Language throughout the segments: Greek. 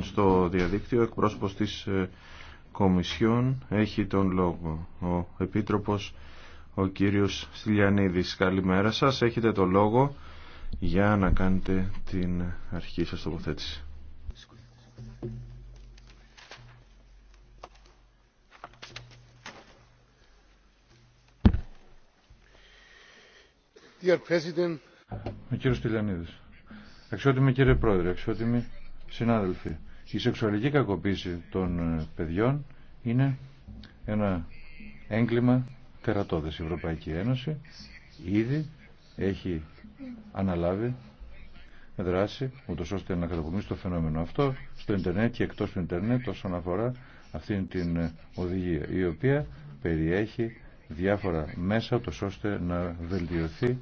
στο διαδίκτυο, εκπρόσωπος της ε, Κομισιόν έχει τον λόγο. Ο Επίτροπος, ο κύριος Στυλιανίδης. Καλημέρα σας, έχετε τον λόγο για να κάνετε την αρχή σας τοποθέτηση. Dear President. Ο κύριος Στυλιανίδης. Αξιότιμη κύριε Πρόεδρε, αξιότιμη Συνάδελφοι, η σεξουαλική κακοποίηση των ε, παιδιών είναι ένα έγκλημα τερατώδες. Η Ευρωπαϊκή Ένωση ήδη έχει αναλάβει δράση ούτως ώστε να καταπομίσει το φαινόμενο αυτό στο Ιντερνετ και εκτός του Ιντερνετ όσον αφορά αυτή την ε, οδηγία η οποία περιέχει διάφορα μέσα ούτως ώστε να βελτιωθεί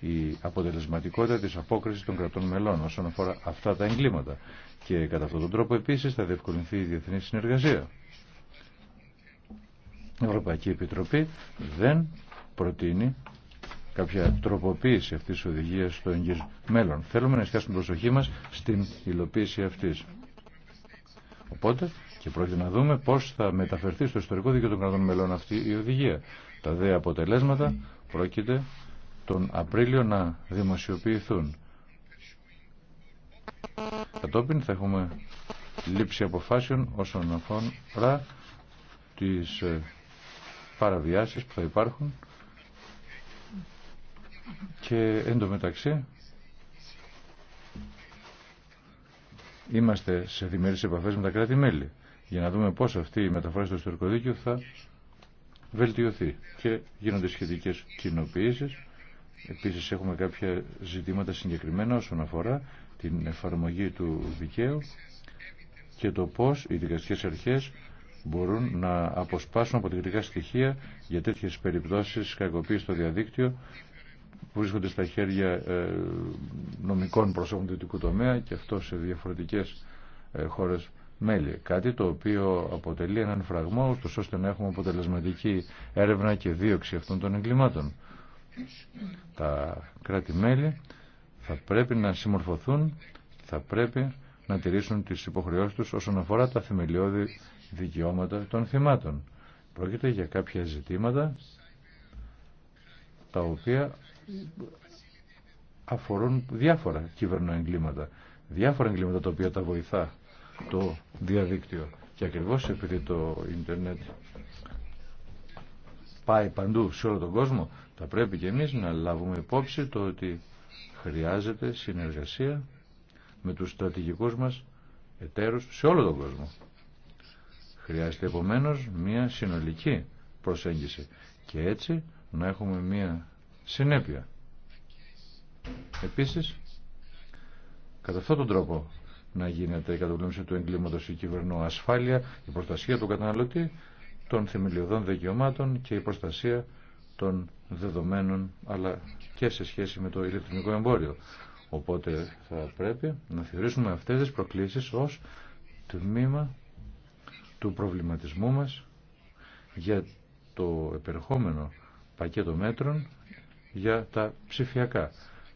η αποτελεσματικότητα της απόκρισης των κρατών μελών όσον αφορά αυτά τα εγκλήματα. Και κατά αυτόν τον τρόπο επίσης θα διευκολυνθεί η διεθνή συνεργασία. Η Ευρωπαϊκή Επιτροπή δεν προτείνει κάποια τροποποίηση αυτής της οδηγίας στο εγγύς μέλλον. Θέλουμε να εστιάσουμε την προσοχή μας στην υλοποίηση αυτής. Οπότε και πρόκειται να δούμε πώς θα μεταφερθεί στο ιστορικό δίκαιο των κρατών μελών αυτή η οδηγία. Τα δε αποτελέσματα πρόκειται τον Απρίλιο να δημοσιοποιηθούν. Κατόπιν θα έχουμε λήψη αποφάσεων όσον αφορά τις ε, παραβιάσεις που θα υπάρχουν και μεταξύ είμαστε σε διμερείς επαφές με τα κράτη-μέλη για να δούμε πώς αυτή η μεταφορά στο ιστορικό δίκαιο θα βελτιωθεί και γίνονται σχετικές κοινοποιήσεις. Επίσης έχουμε κάποια ζητήματα συγκεκριμένα όσον αφορά την εφαρμογή του δικαίου και το πώς οι δικαστικές αρχές μπορούν να αποσπάσουν κριτικά στοιχεία για τέτοιες περιπτώσεις κακοποίηση στο διαδίκτυο που βρίσκονται στα χέρια ε, νομικών προσώπων του τομέα και αυτό σε διαφορετικές ε, χώρες μέλη. Κάτι το οποίο αποτελεί έναν φραγμό ώστε να έχουμε αποτελεσματική έρευνα και δίωξη αυτών των εγκλημάτων. Τα κράτη-μέλη θα πρέπει να συμμορφωθούν, θα πρέπει να τηρήσουν τις υποχρεώσεις τους όσον αφορά τα θεμελιώδη δικαιώματα των θυμάτων. Πρόκειται για κάποια ζητήματα τα οποία αφορούν διάφορα κυβερνοεγκλήματα, διάφορα εγκλήματα τα οποία τα βοηθά το διαδίκτυο. Και ακριβώς επειδή το ίντερνετ πάει παντού σε όλο τον κόσμο, θα πρέπει και εμείς να λάβουμε υπόψη το ότι χρειάζεται συνεργασία με τους στρατηγικούς μας εταίρους σε όλο τον κόσμο. Χρειάζεται επομένως μια συνολική προσέγγιση και έτσι να έχουμε μια συνέπεια. Επίσης, κατά αυτόν τον τρόπο να γίνεται η καταπολέμηση του εγκλήματος η κυβερνό ασφάλεια, η προστασία του καταναλωτή, των θεμελιωδών δικαιωμάτων και η προστασία των δεδομένων αλλά και σε σχέση με το ηλεκτρονικό εμπόριο. Οπότε θα πρέπει να θεωρήσουμε αυτές τις προκλήσεις ως τμήμα του προβληματισμού μας για το επερχόμενο πακέτο μέτρων για τα ψηφιακά.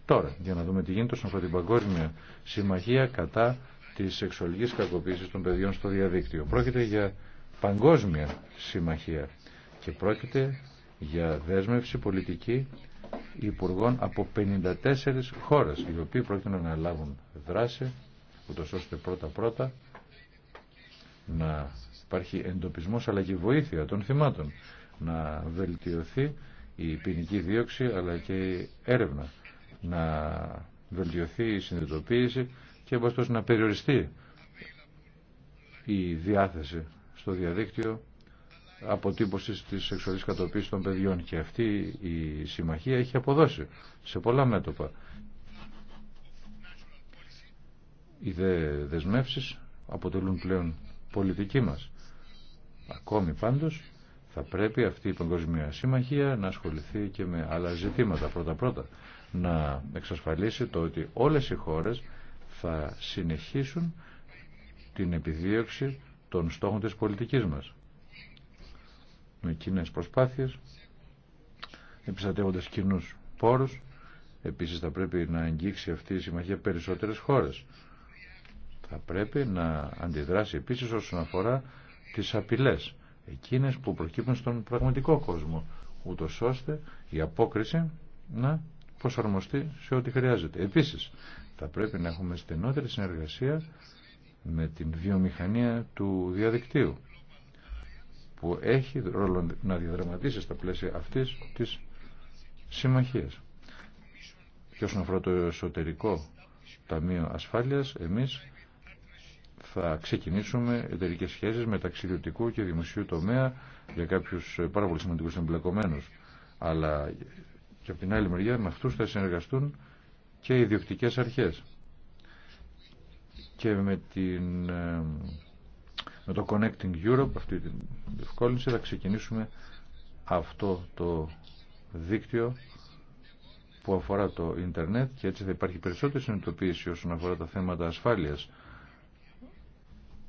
Τώρα, για να δούμε τι γίνεται στον την Παγκόσμια Συμμαχία κατά της σεξουαλικής κακοποίησης των παιδιών στο διαδίκτυο. Πρόκειται για Παγκόσμια Συμμαχία και πρόκειται για δέσμευση πολιτική υπουργών από 54 χώρες οι οποίοι πρόκειται να λάβουν δραση δράση ούτως ώστε πρώτα-πρώτα να υπάρχει εντοπισμός αλλά και βοήθεια των θυμάτων να βελτιωθεί η ποινική δίωξη αλλά και η έρευνα να βελτιωθεί η συνειδητοποίηση και όπως να περιοριστεί η διάθεση στο διαδίκτυο αποτύπωσης της σεξουαλής κατοποίησης των παιδιών και αυτή η συμμαχία έχει αποδώσει σε πολλά μέτωπα. Οι δε δεσμεύσεις αποτελούν πλέον πολιτική μας. Ακόμη πάντως θα πρέπει αυτή η Παγκοσμία Συμμαχία να ασχοληθεί και με άλλα ζητήματα πρώτα-πρώτα. Να εξασφαλίσει το ότι όλες οι χώρες θα συνεχίσουν την επιδίωξη των στόχων της πολιτικής μας με κοινέ προσπάθειες, επιστατεύοντας κοινού πόρους. Επίσης θα πρέπει να αγγίξει αυτή η συμμαχία περισσότερες χώρες. Θα πρέπει να αντιδράσει επίσης όσον αφορά τις απειλές, εκείνες που προκύπτουν στον πραγματικό κόσμο, ούτω ώστε η απόκριση να προσαρμοστεί σε ό,τι χρειάζεται. Επίσης, θα πρέπει να έχουμε στενότερη συνεργασία με την βιομηχανία του διαδικτύου που έχει ρόλο να διαδραματίσει στα πλαίσια αυτής της συμμαχίας. Και όσον αφορά το εσωτερικό Ταμείο Ασφάλειας, εμείς θα ξεκινήσουμε εταιρικέ σχέσεις μεταξύ ιδιωτικού και δημοσίου τομέα για κάποιους πάρα πολύ σημαντικούς εμπλεκομένους. Αλλά και από την άλλη μεριά με αυτούς θα συνεργαστούν και οι αρχές. Και με την ε, με το Connecting Europe, αυτή την διευκόλυνση, θα ξεκινήσουμε αυτό το δίκτυο που αφορά το ίντερνετ και έτσι θα υπάρχει περισσότερη συνειδητοποίηση όσον αφορά τα θέματα ασφάλειας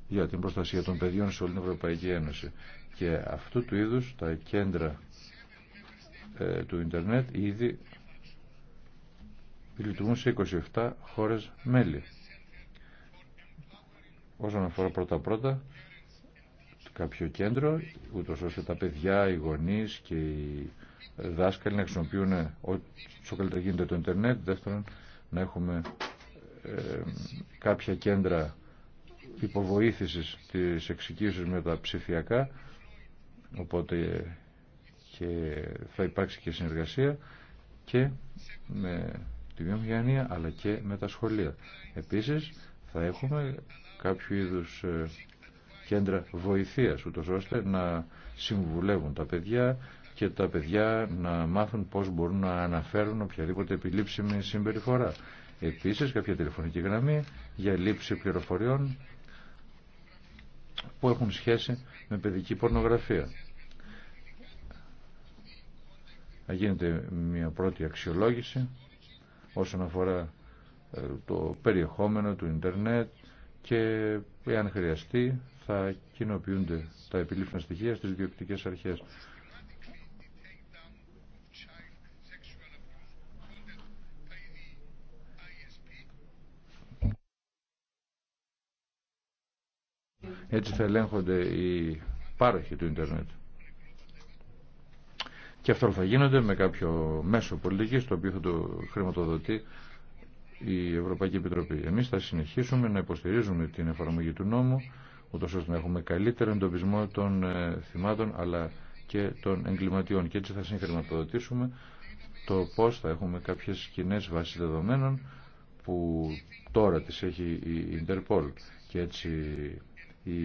για την προστασία των παιδιών σε όλη την Ευρωπαϊκή Ένωση. Και αυτού του είδους τα κέντρα ε, του ίντερνετ ήδη λειτουργούν σε 27 χώρες μέλη όσον αφορά πρώτα-πρώτα κάποιο κέντρο, ούτως ώστε τα παιδιά, οι γονείς και οι δάσκαλοι να χρησιμοποιούν ε, όσο καλύτερα γίνεται το ίντερνετ. Δεύτερον, να έχουμε ε, κάποια κέντρα υποβοήθησης της εξοικείωσης με τα ψηφιακά, οπότε και θα υπάρξει και συνεργασία και με τη βιομηχανία αλλά και με τα σχολεία. Επίσης θα έχουμε κάποιο είδους ε, κέντρα βοηθείας, ούτως ώστε να συμβουλεύουν τα παιδιά και τα παιδιά να μάθουν πώς μπορούν να αναφέρουν οποιαδήποτε επιλήψιμη συμπεριφορά. Επίσης κάποια τηλεφωνική γραμμή για λήψη πληροφοριών που έχουν σχέση με παιδική πορνογραφία. Θα γίνεται μια πρώτη αξιολόγηση όσον αφορά ε, το περιεχόμενο του ίντερνετ, και εάν χρειαστεί θα κοινοποιούνται τα επιλήφθηνα στοιχεία στις διοικητικές αρχές. Έτσι θα ελέγχονται οι πάροχοι του ίντερνετ. Και αυτό θα γίνονται με κάποιο μέσο πολιτικής το οποίο θα το χρηματοδοτεί η Ευρωπαϊκή Επιτροπή. Εμείς θα συνεχίσουμε να υποστηρίζουμε την εφαρμογή του νόμου, ούτως ώστε να έχουμε καλύτερο εντοπισμό των ε, θυμάτων αλλά και των εγκληματιών. Και έτσι θα συγχρηματοδοτήσουμε το πώς θα έχουμε κάποιες κοινέ βάσεις δεδομένων που τώρα τις έχει η Interpol. Και έτσι η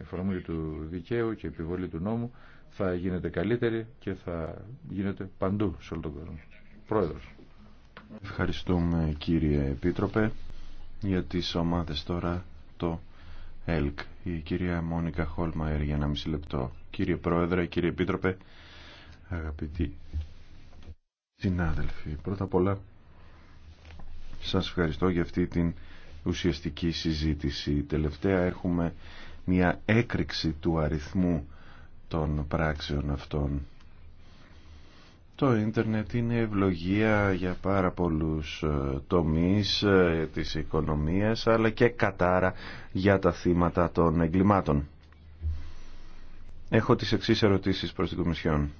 εφαρμογή του δικαίου και η επιβολή του νόμου θα γίνεται καλύτερη και θα γίνεται παντού σε όλο τον κόσμο. Πρόεδρος. Ευχαριστούμε κύριε Επίτροπε για τις ομάδες τώρα το ΕΛΚ. Η κυρία Μόνικα Χόλμαερ για ένα μισή λεπτό. Κύριε Πρόεδρε, κύριε Επίτροπε, αγαπητοί συνάδελφοι, πρώτα απ' όλα σας ευχαριστώ για αυτή την ουσιαστική συζήτηση. Τελευταία έχουμε μια έκρηξη του αριθμού των πράξεων αυτών το ίντερνετ είναι ευλογία για πάρα πολλούς ε, τομείς ε, της οικονομίας αλλά και κατάρα για τα θύματα των εγκλημάτων. Έχω τις εξής ερωτήσεις προς την Κομισιόν.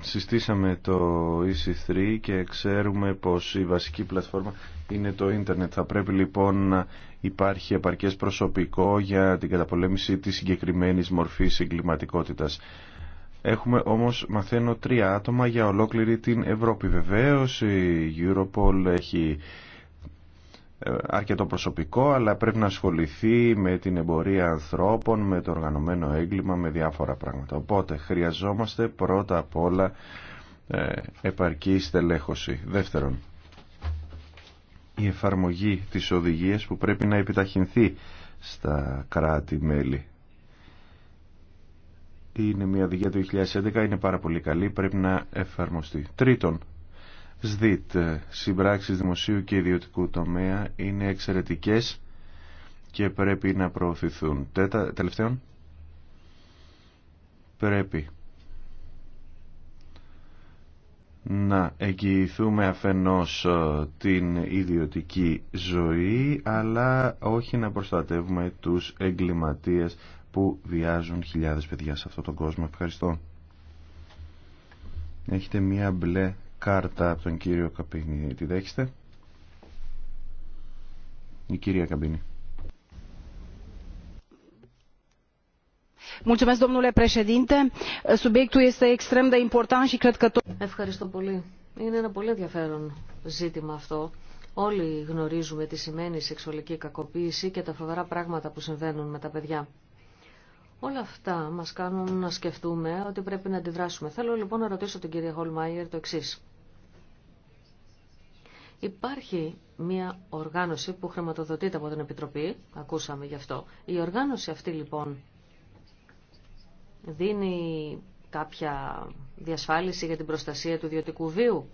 Συστήσαμε το EC3 και ξέρουμε πως η βασική πλατφόρμα είναι το ίντερνετ. Θα πρέπει λοιπόν να υπάρχει επαρκές προσωπικό για την καταπολέμηση της συγκεκριμένης μορφής εγκληματικότητας. Έχουμε όμως, μαθαίνω, τρία άτομα για ολόκληρη την Ευρώπη. Βεβαίως η Europol έχει ε, αρκετό προσωπικό, αλλά πρέπει να ασχοληθεί με την εμπορία ανθρώπων, με το οργανωμένο έγκλημα, με διάφορα πράγματα. Οπότε χρειαζόμαστε πρώτα απ' όλα ε, επαρκή στελέχωση. Δεύτερον, η εφαρμογή της οδηγίας που πρέπει να επιταχυνθεί στα κράτη-μέλη είναι μια οδηγία 2011, είναι πάρα πολύ καλή, πρέπει να εφαρμοστεί. Τρίτον, ΣΔΙΤ, συμπράξεις δημοσίου και ιδιωτικού τομέα, είναι εξαιρετικές και πρέπει να προωθηθούν. Τέτα, τελευταίον, πρέπει να εγγυηθούμε αφενός ε, την ιδιωτική ζωή αλλά όχι να προστατεύουμε τους εγκληματίες που βιάζουν χιλιάδες παιδιά σε αυτόν τον κόσμο. Ευχαριστώ. Έχετε μία μπλε κάρτα από τον κύριο Καπίνη. Τη δέχεστε. Η κυρία Καμπίνη. Ευχαριστώ πολύ. Είναι ένα πολύ ενδιαφέρον ζήτημα αυτό. Όλοι γνωρίζουμε τι σημαίνει σεξουαλική κακοποίηση και τα φοβερά πράγματα που συμβαίνουν με τα παιδιά. Όλα αυτά μας κάνουν να σκεφτούμε ότι πρέπει να αντιδράσουμε. Θέλω λοιπόν να ρωτήσω την κυρία Χολμάιερ το εξή. Υπάρχει μια οργάνωση που χρηματοδοτείται από την Επιτροπή, ακούσαμε γι' αυτό. Η οργάνωση αυτή λοιπόν δίνει κάποια διασφάλιση για την προστασία του ιδιωτικού βίου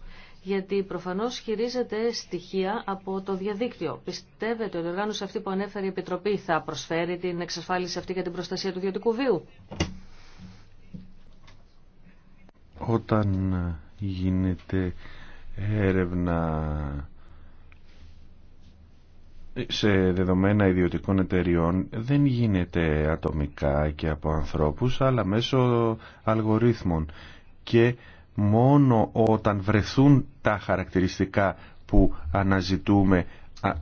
γιατί προφανώς χειρίζεται στοιχεία από το διαδίκτυο. Πιστεύετε ότι ο οργάνωση αυτή που ανέφερε η Επιτροπή θα προσφέρει την εξασφάλιση αυτή για την προστασία του ιδιωτικού βίου. Όταν γίνεται έρευνα σε δεδομένα ιδιωτικών εταιριών δεν γίνεται ατομικά και από ανθρώπους αλλά μέσω αλγορίθμων και μόνο όταν βρεθούν τα χαρακτηριστικά που αναζητούμε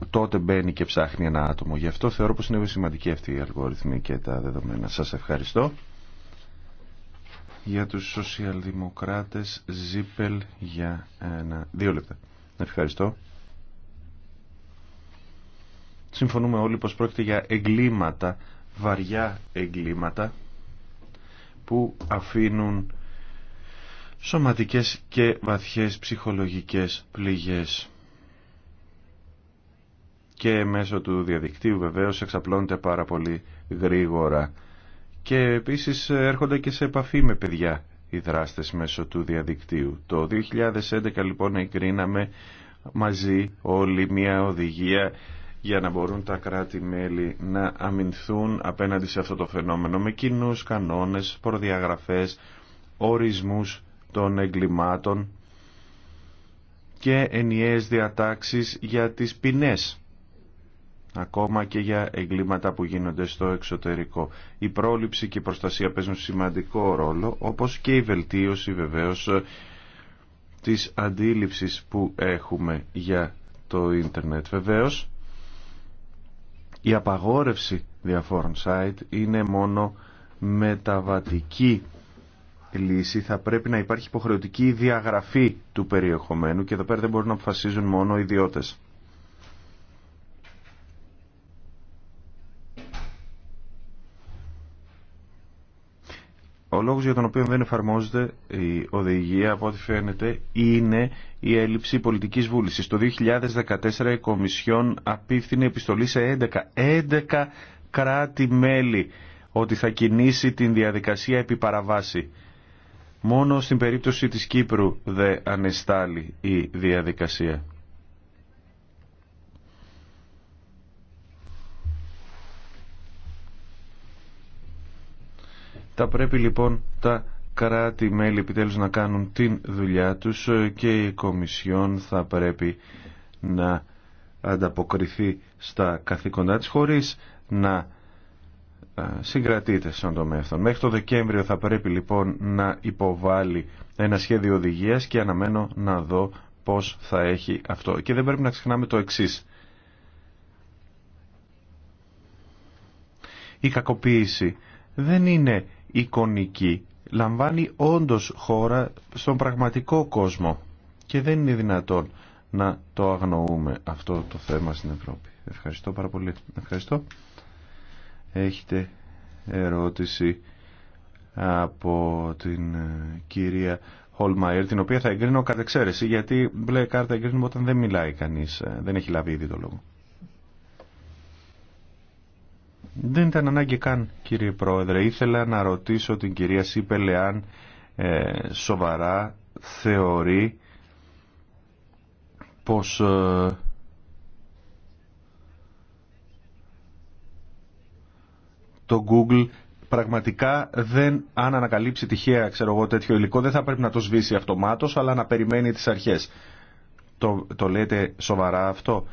τότε μπαίνει και ψάχνει ένα άτομο. Γι' αυτό θεωρώ πως είναι σημαντική αυτή η αλγόριθμη και τα δεδομένα. Σας ευχαριστώ. Για τους σοσιαλδημοκράτες Ζίπελ για ένα... δύο λεπτά. Ευχαριστώ. Συμφωνούμε όλοι πως πρόκειται για εγκλήματα, βαριά εγκλήματα που αφήνουν σωματικές και βαθιές ψυχολογικές πληγές. Και μέσω του διαδικτύου βεβαίως εξαπλώνεται πάρα πολύ γρήγορα. Και επίσης έρχονται και σε επαφή με παιδιά οι δράστες μέσω του διαδικτύου. Το 2011 λοιπόν εγκρίναμε μαζί όλη μια οδηγία για να μπορούν τα κράτη-μέλη να αμυνθούν απέναντι σε αυτό το φαινόμενο με κοινούς κανόνες, προδιαγραφές, ορισμούς των εγκλημάτων και ενιαίες διατάξεις για τις πινές, ακόμα και για εγκλήματα που γίνονται στο εξωτερικό. Η πρόληψη και η προστασία παίζουν σημαντικό ρόλο, όπως και η βελτίωση βεβαίως της αντίληψης που έχουμε για το ίντερνετ. Βεβαίως, η απαγόρευση διαφόρων site είναι μόνο μεταβατική λύση θα πρέπει να υπάρχει υποχρεωτική διαγραφή του περιεχομένου και εδώ πέρα δεν μπορούν να αποφασίζουν μόνο οι ιδιώτες. Ο λόγος για τον οποίο δεν εφαρμόζεται η οδηγία, από ό,τι φαίνεται, είναι η έλλειψη πολιτικής βούλησης. Το 2014 η Κομισιόν απίφθινε επιστολή σε 11, 11 κράτη-μέλη ότι θα κινήσει την διαδικασία επί παραβάση. Μόνο στην περίπτωση της Κύπρου δε ανεστάλλει η διαδικασία. Τα πρέπει λοιπόν τα κράτη-μέλη επιτέλους να κάνουν την δουλειά τους και η Κομισιόν θα πρέπει να ανταποκριθεί στα καθήκοντά της χωρίς να συγκρατείται στον τομέα αυτόν. Μέχρι το Δεκέμβριο θα πρέπει λοιπόν να υποβάλει ένα σχέδιο οδηγία και αναμένω να δω πώ θα έχει αυτό. Και δεν πρέπει να ξεχνάμε το εξή. Η κακοποίηση δεν είναι εικονική. Λαμβάνει όντως χώρα στον πραγματικό κόσμο. Και δεν είναι δυνατόν να το αγνοούμε αυτό το θέμα στην Ευρώπη. Ευχαριστώ πάρα πολύ. Ευχαριστώ έχετε ερώτηση από την ε, κυρία Χολμαϊρ, την οποία θα εγκρίνω κατ' εξαίρεση, γιατί μπλε κάρτα εγκρίνουμε όταν δεν μιλάει κανείς, ε, δεν έχει λάβει ήδη το λόγο. Δεν ήταν ανάγκη καν, κύριε Πρόεδρε. Ήθελα να ρωτήσω την κυρία Σίπελε αν ε, σοβαρά θεωρεί πως... Ε, το Google πραγματικά δεν, αν ανακαλύψει τυχαία ξέρω εγώ, τέτοιο υλικό, δεν θα πρέπει να το σβήσει αυτομάτως, αλλά να περιμένει τις αρχές. Το, το λέτε σοβαρά αυτό.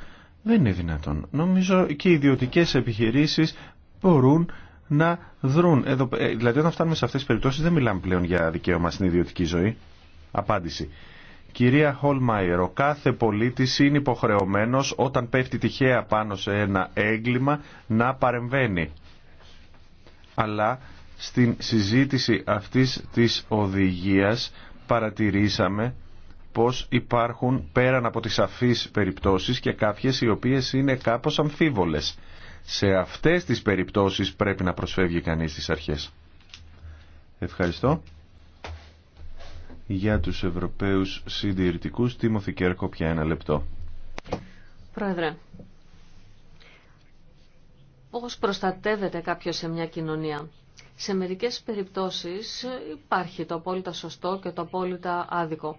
Δεν είναι δυνατόν. Νομίζω και οι ιδιωτικές επιχειρήσεις μπορούν να δρουν. Εδώ, ε, δηλαδή όταν φτάνουμε σε αυτές τις περιπτώσεις δεν μιλάμε πλέον για δικαίωμα στην ιδιωτική ζωή. Απάντηση. Κυρία Χολμάιερ, ο κάθε πολίτης είναι υποχρεωμένος όταν πέφτει τυχαία πάνω σε ένα έγκλημα να παρεμβαίνει αλλά στην συζήτηση αυτής της οδηγίας παρατηρήσαμε πως υπάρχουν πέραν από τις αφείς περιπτώσεις και κάποιες οι οποίες είναι κάπως αμφίβολες. Σε αυτές τις περιπτώσεις πρέπει να προσφεύγει κανείς τις αρχές. Ευχαριστώ. Για τους Ευρωπαίους συντηρητικούς, Τίμωθη Κέρκο, πια ένα λεπτό. Πρόεδρε, πώς προστατεύεται κάποιος σε μια κοινωνία. Σε μερικές περιπτώσεις υπάρχει το απόλυτα σωστό και το απόλυτα άδικο.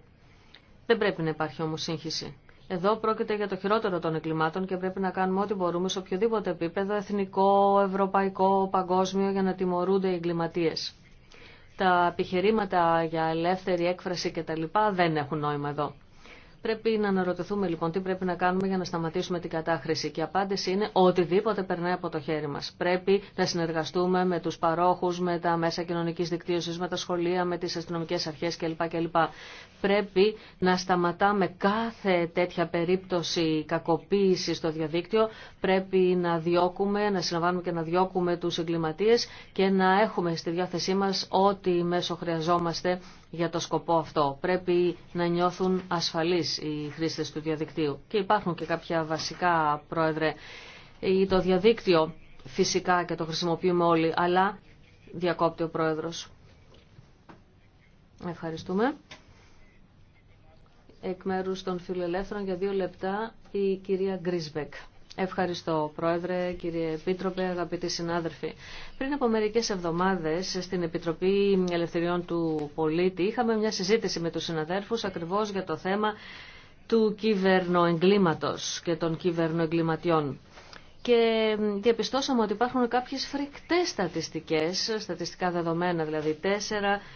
Δεν πρέπει να υπάρχει όμως σύγχυση. Εδώ πρόκειται για το χειρότερο των εγκλημάτων και πρέπει να κάνουμε ό,τι μπορούμε σε οποιοδήποτε επίπεδο, εθνικό, ευρωπαϊκό, παγκόσμιο, για να τιμωρούνται οι εγκληματίες. Τα επιχειρήματα για ελεύθερη έκφραση κτλ. δεν έχουν νόημα εδώ. Πρέπει να αναρωτηθούμε λοιπόν τι πρέπει να κάνουμε για να σταματήσουμε την κατάχρηση. Και η απάντηση είναι οτιδήποτε περνάει από το χέρι μα. Πρέπει να συνεργαστούμε με του παρόχου, με τα μέσα κοινωνική δικτύωση, με τα σχολεία, με τι αστυνομικέ αρχέ κλπ. Πρέπει να σταματάμε κάθε τέτοια περίπτωση κακοποίηση στο διαδίκτυο. Πρέπει να διώκουμε, να συλλαμβάνουμε και να διώκουμε του εγκληματίε και να έχουμε στη διάθεσή μα ό,τι μέσο χρειαζόμαστε για το σκοπό αυτό. Πρέπει να νιώθουν ασφαλείς οι χρήστες του διαδικτύου. Και υπάρχουν και κάποια βασικά, Πρόεδρε, το διαδίκτυο φυσικά και το χρησιμοποιούμε όλοι, αλλά διακόπτει ο Πρόεδρος. Ευχαριστούμε. Εκ μέρους των φιλελεύθερων για δύο λεπτά η κυρία Γκρίσβεκ. Ευχαριστώ Πρόεδρε, κύριε Επίτροπε, αγαπητοί συνάδελφοι. Πριν από μερικές εβδομάδες στην Επιτροπή Ελευθεριών του Πολίτη είχαμε μια συζήτηση με τους συναδέρφους ακριβώς για το θέμα του κυβερνοεγκλήματος και των κυβερνοεγκληματιών. Και διαπιστώσαμε ότι υπάρχουν κάποιες φρικτές στατιστικές, στατιστικά δεδομένα, δηλαδή 4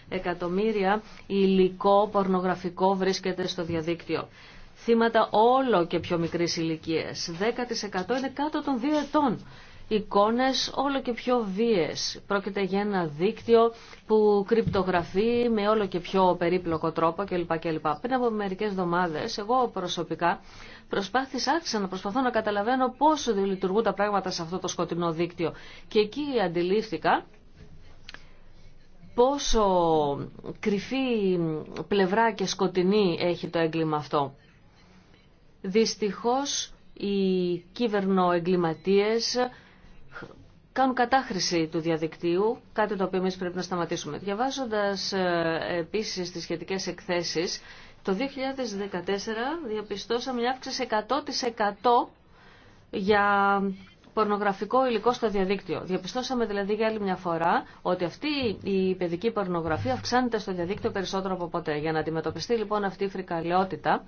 εκατομμύρια υλικό πορνογραφικό βρίσκεται στο διαδίκτυο θύματα όλο και πιο μικρής ηλικίας. 10% είναι κάτω των 2 ετών. Εικόνες όλο και πιο βίες. Πρόκειται για ένα δίκτυο που κρυπτογραφεί με όλο και πιο περίπλοκο τρόπο κλπ. κλπ. Πριν από μερικές εβδομάδες, εγώ προσωπικά προσπάθησα, άρχισα να προσπαθώ να καταλαβαίνω πόσο λειτουργούν τα πράγματα σε αυτό το σκοτεινό δίκτυο. Και εκεί αντιλήφθηκα πόσο κρυφή πλευρά και σκοτεινή έχει το έγκλημα αυτό. Δυστυχώς οι κυβερνοεγκληματίες κάνουν κατάχρηση του διαδικτύου, κάτι το οποίο εμείς πρέπει να σταματήσουμε. Διαβάζοντας ε, επίσης τις σχετικές εκθέσεις, το 2014 διαπιστώσαμε μια αύξηση 100% για πορνογραφικό υλικό στο διαδίκτυο. Διαπιστώσαμε δηλαδή για άλλη μια φορά ότι αυτή η παιδική πορνογραφία αυξάνεται στο διαδίκτυο περισσότερο από ποτέ. Για να αντιμετωπιστεί λοιπόν αυτή η φρικαλαιότητα,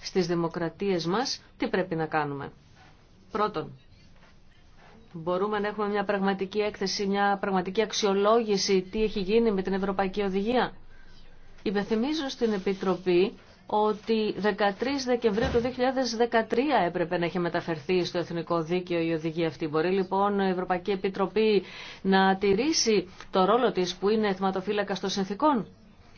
στις δημοκρατίες μας, τι πρέπει να κάνουμε. Πρώτον, μπορούμε να έχουμε μια πραγματική έκθεση, μια πραγματική αξιολόγηση τι έχει γίνει με την Ευρωπαϊκή Οδηγία. Υπενθυμίζω στην Επιτροπή ότι 13 Δεκεμβρίου του 2013 έπρεπε να έχει μεταφερθεί στο Εθνικό Δίκαιο η οδηγία αυτή. Μπορεί λοιπόν η Ευρωπαϊκή Επιτροπή να τηρήσει το ρόλο της που είναι θεματοφύλακα των συνθήκων.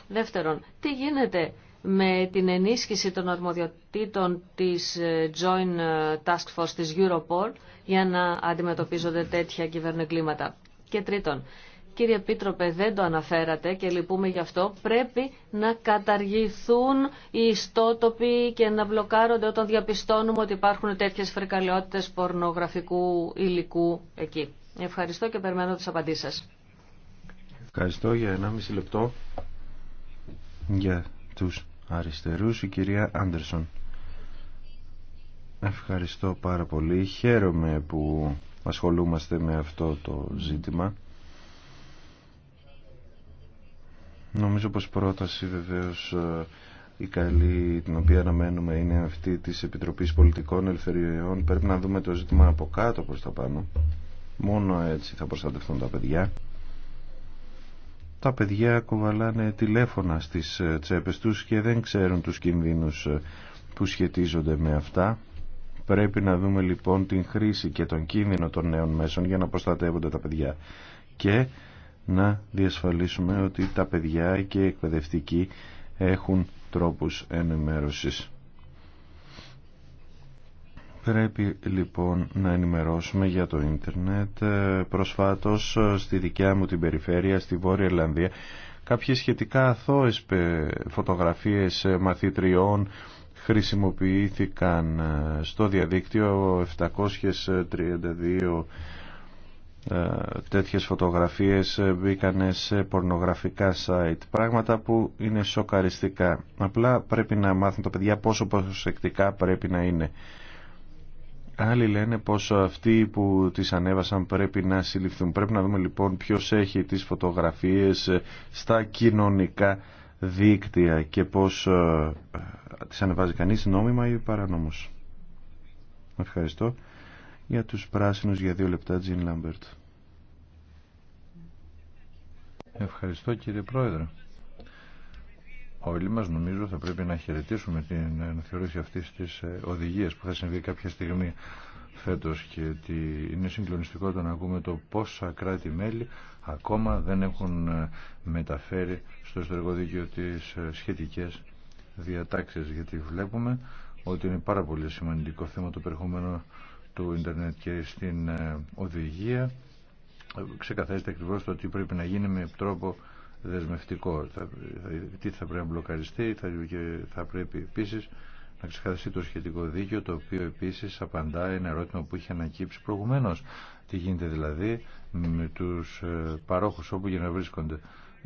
Δεύτερον, τι γίνεται με την ενίσχυση των αρμοδιοτήτων της ε, Joint ε, Task Force της Europol για να αντιμετωπίζονται τέτοια κυβερνοκλίματα. Και τρίτον, κύριε Πίτροπε, δεν το αναφέρατε και λυπούμε γι' αυτό, πρέπει να καταργηθούν οι ιστότοποι και να μπλοκάρονται όταν διαπιστώνουμε ότι υπάρχουν τέτοιες φρικαλαιότητες πορνογραφικού υλικού εκεί. Ευχαριστώ και περιμένω τις απαντήσεις σας. Ευχαριστώ για 1,5 λεπτό για τους αριστερούς η κυρία Άντερσον. Ευχαριστώ πάρα πολύ. Χαίρομαι που ασχολούμαστε με αυτό το ζήτημα. Νομίζω πως πρόταση βεβαίως ε, η καλή την οποία αναμένουμε είναι αυτή της Επιτροπής Πολιτικών Ελευθεριών. Πρέπει να δούμε το ζήτημα από κάτω προς τα πάνω. Μόνο έτσι θα προστατευτούν τα παιδιά τα παιδιά κοβαλάνε τηλέφωνα στις ε, τσέπες τους και δεν ξέρουν τους κινδύνους ε, που σχετίζονται με αυτά. Πρέπει να δούμε λοιπόν την χρήση και τον κίνδυνο των νέων μέσων για να προστατεύονται τα παιδιά και να διασφαλίσουμε ότι τα παιδιά και οι εκπαιδευτικοί έχουν τρόπους ενημέρωσης. Πρέπει λοιπόν να ενημερώσουμε για το ίντερνετ. Ε, προσφάτως ε, στη δικιά μου την περιφέρεια, στη Βόρεια Ελλανδία κάποιες σχετικά αθώες ε, φωτογραφίες μαθητριών χρησιμοποιήθηκαν στο διαδίκτυο 732 τέτοιες φωτογραφίες μπήκαν σε πορνογραφικά site πράγματα που είναι σοκαριστικά απλά πρέπει να μάθουν τα παιδιά πόσο προσεκτικά πρέπει να είναι Άλλοι λένε πως αυτοί που τις ανέβασαν πρέπει να συλληφθούν. Πρέπει να δούμε λοιπόν ποιος έχει τις φωτογραφίες στα κοινωνικά δίκτυα και πως ε, ε, τις ανεβάζει κανείς νόμιμα ή παρανόμως. Ευχαριστώ. Για τους πράσινους για δύο λεπτά, Τζιν Λάμπερτ. Ευχαριστώ κύριε Πρόεδρε όλοι μας νομίζω θα πρέπει να χαιρετήσουμε την θεωρήση αυτής της ε, οδηγίας που θα συμβεί κάποια στιγμή φέτος και ότι είναι συγκλονιστικό το να ακούμε το πόσα κράτη-μέλη ακόμα δεν έχουν ε, μεταφέρει στο ιστορικό δίκαιο τις ε, σχετικές διατάξεις γιατί βλέπουμε ότι είναι πάρα πολύ σημαντικό θέμα το περιεχόμενο του ίντερνετ και στην οδηγία ξεκαθαρίζεται ακριβώς το ότι πρέπει να γίνει με τρόπο δεσμευτικό. Θα, τι θα πρέπει να μπλοκαριστεί θα, και θα πρέπει επίσης να ξεχαστεί το σχετικό δίκαιο το οποίο επίσης απαντά ένα ερώτημα που είχε ανακύψει προηγουμένως. Τι γίνεται δηλαδή με τους ε, παρόχους όπου και να βρίσκονται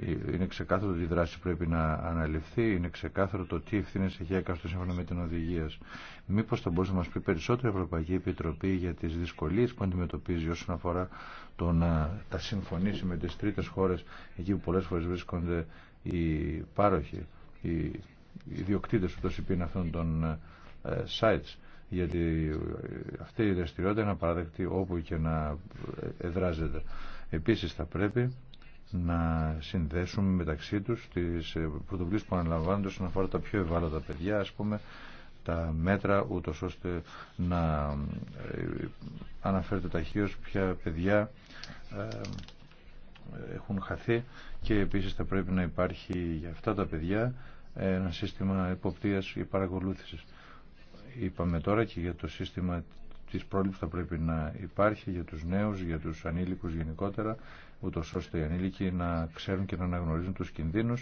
είναι ξεκάθαρο ότι η δράση πρέπει να αναλυφθεί, είναι ξεκάθαρο το τι ευθύνε έχει έκαστο σύμφωνα με την οδηγία. Μήπω θα μπορούσε να μα πει περισσότερο η Ευρωπαϊκή Επιτροπή για τι δυσκολίε που αντιμετωπίζει όσον αφορά το να τα συμφωνήσει με τι τρίτε χώρε, εκεί που πολλέ φορέ βρίσκονται οι πάροχοι, οι ιδιοκτήτε του τόσοι αυτών των ε, sites γιατί ε, αυτή η δραστηριότητα είναι απαράδεκτη όπου και να ε, εδράζεται. Επίση θα πρέπει να συνδέσουμε μεταξύ τους τις ε, πρωτοβουλίες που αναλαμβάνονται όσον αφορά τα πιο ευάλωτα παιδιά, ας πούμε, τα μέτρα ούτως ώστε να ε, αναφέρεται ταχύως ποια παιδιά ε, έχουν χαθεί και επίσης θα πρέπει να υπάρχει για αυτά τα παιδιά ένα σύστημα εποπτείας ή παρακολούθησης. Είπαμε τώρα και για το σύστημα της πρόληψης θα πρέπει να υπάρχει για τους νέους, για τους ανήλικους γενικότερα ούτω ώστε οι ανήλικοι να ξέρουν και να αναγνωρίζουν τους κινδύνου.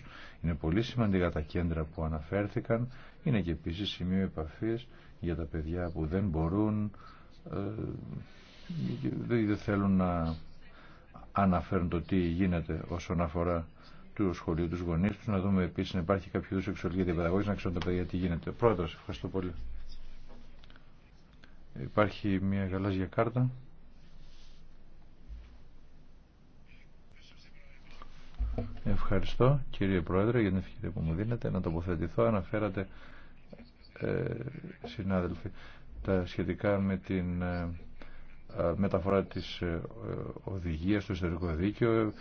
Είναι πολύ σημαντικά τα κέντρα που αναφέρθηκαν. Είναι και επίση σημείο επαφής για τα παιδιά που δεν μπορούν, ε, δεν θέλουν να αναφέρουν το τι γίνεται όσον αφορά του σχολείου, του γονεί του, να δούμε επίση αν υπάρχει κάποιο είδου εξωτερική διαπαιδαγώγηση, να ξέρουν τα παιδιά τι γίνεται. Πρόεδρο, ευχαριστώ πολύ. Υπάρχει μια γαλάζια κάρτα. Ευχαριστώ κύριε Πρόεδρε για την ευκαιρία που μου δίνετε να τοποθετηθώ. Αναφέρατε ε, συνάδελφοι τα σχετικά με την ε, μεταφορά της ε, οδηγίας στο εσωτερικό δίκαιο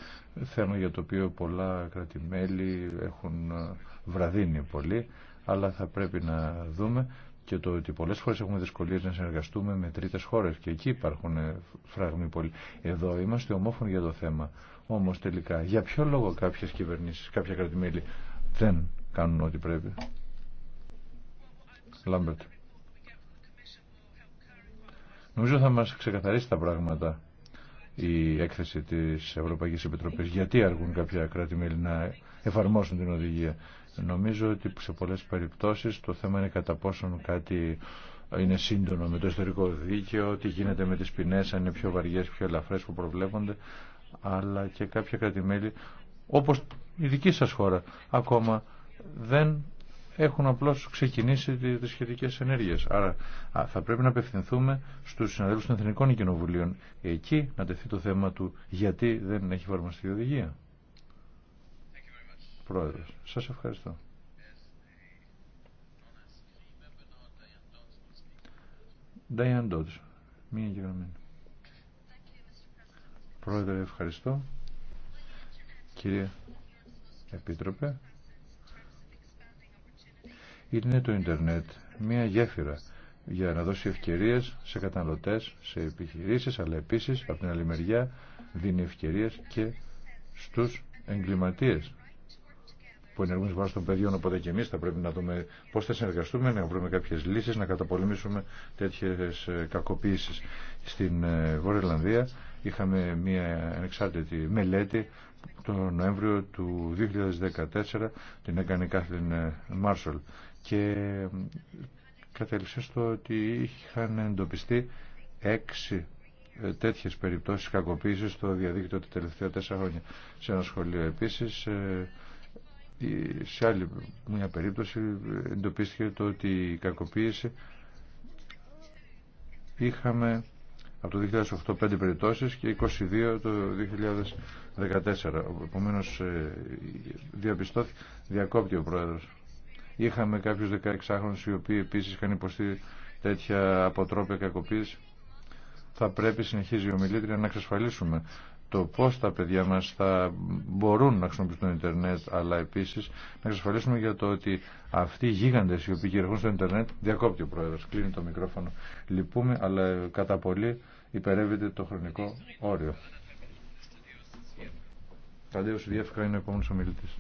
θέμα για το οποίο πολλά κρατημέλη έχουν ε, βραδύνει πολύ αλλά θα πρέπει να δούμε και το ότι πολλές φορές έχουμε δυσκολίες να συνεργαστούμε με τρίτες χώρες και εκεί υπάρχουν φράγμοι πολύ. Εδώ είμαστε ομόφωνοι για το θέμα όμως τελικά. Για ποιο λόγο κάποιες κυβερνήσεις, κάποια κρατημέλη δεν κάνουν ό,τι πρέπει. Λάμπερτ. Νομίζω θα μας ξεκαθαρίσει τα πράγματα η έκθεση της Ευρωπαϊκής Επιτροπής. Γιατί αργούν κρατημέλη να εφαρμόσουν την οδηγία. Νομίζω ότι σε πολλές περιπτώσεις το θέμα είναι κατά πόσον κάτι είναι σύντονο με το ιστορικό δίκαιο, τι γίνεται με τις ποινές, αν είναι πιο βαριές, πιο ελαφρές που προβλέπονται αλλά και κάποια κρατημέλη όπως η δική σας χώρα ακόμα δεν έχουν απλώς ξεκινήσει τις σχετικές ενέργειες. Άρα θα πρέπει να απευθυνθούμε στους συναδέλφους των Εθνικών Κοινοβουλίων εκεί να τεθεί το θέμα του γιατί δεν έχει εφαρμοστεί η οδηγία. Πρόεδρος, σας ευχαριστώ. Diane Dodds, μία γεγραμμένη. Πρόεδρε, ευχαριστώ. Κύριε Επίτροπε, είναι το ίντερνετ μια γέφυρα για να δώσει ευκαιρίες σε καταναλωτές, σε επιχειρήσεις, αλλά επίσης από την άλλη μεριά δίνει ευκαιρίες και στους εγκληματίες που ενεργούν βάσει των παιδιών. Οπότε και εμεί θα πρέπει να δούμε πώς θα συνεργαστούμε, να βρούμε κάποιες λύσεις να καταπολεμήσουμε τέτοιε κακοποίησει. Στην ε, Βόρεια Είχαμε μια ανεξάρτητη μελέτη τον Νοέμβριο του 2014, την έκανε η Κάθλιν ε, Μάρσολ και κατέληξε στο ότι είχαν εντοπιστεί έξι ε, τέτοιες περιπτώσεις κακοποίησης στο διαδίκτυο τα τελευταία τέσσερα χρόνια. Σε ένα σχολείο επίσης, ε, σε άλλη μια περίπτωση εντοπίστηκε το ότι η κακοποίηση είχαμε από το 2008 πέντε περιπτώσεις και 22 το 2014. Επομένως ε, διαπιστώθηκε, διακόπτει ο Πρόεδρος. Είχαμε κάποιους 16χρονους οι οποίοι επίσης είχαν υποστεί τέτοια αποτρόπια κακοποίηση. Θα πρέπει, συνεχίζει η ομιλήτρια, να εξασφαλίσουμε το πώς τα παιδιά μας θα μπορούν να χρησιμοποιήσουν το ίντερνετ αλλά επίσης να εξασφαλίσουμε για το ότι αυτοί οι γίγαντες οι οποίοι κυριαρχούν στο ίντερνετ διακόπτει ο πρόεδρος, κλείνει το μικρόφωνο λυπούμε αλλά κατά πολύ υπερεύεται το χρονικό όριο Ταντέος Διεύκα είναι ο επόμενος ομιλητής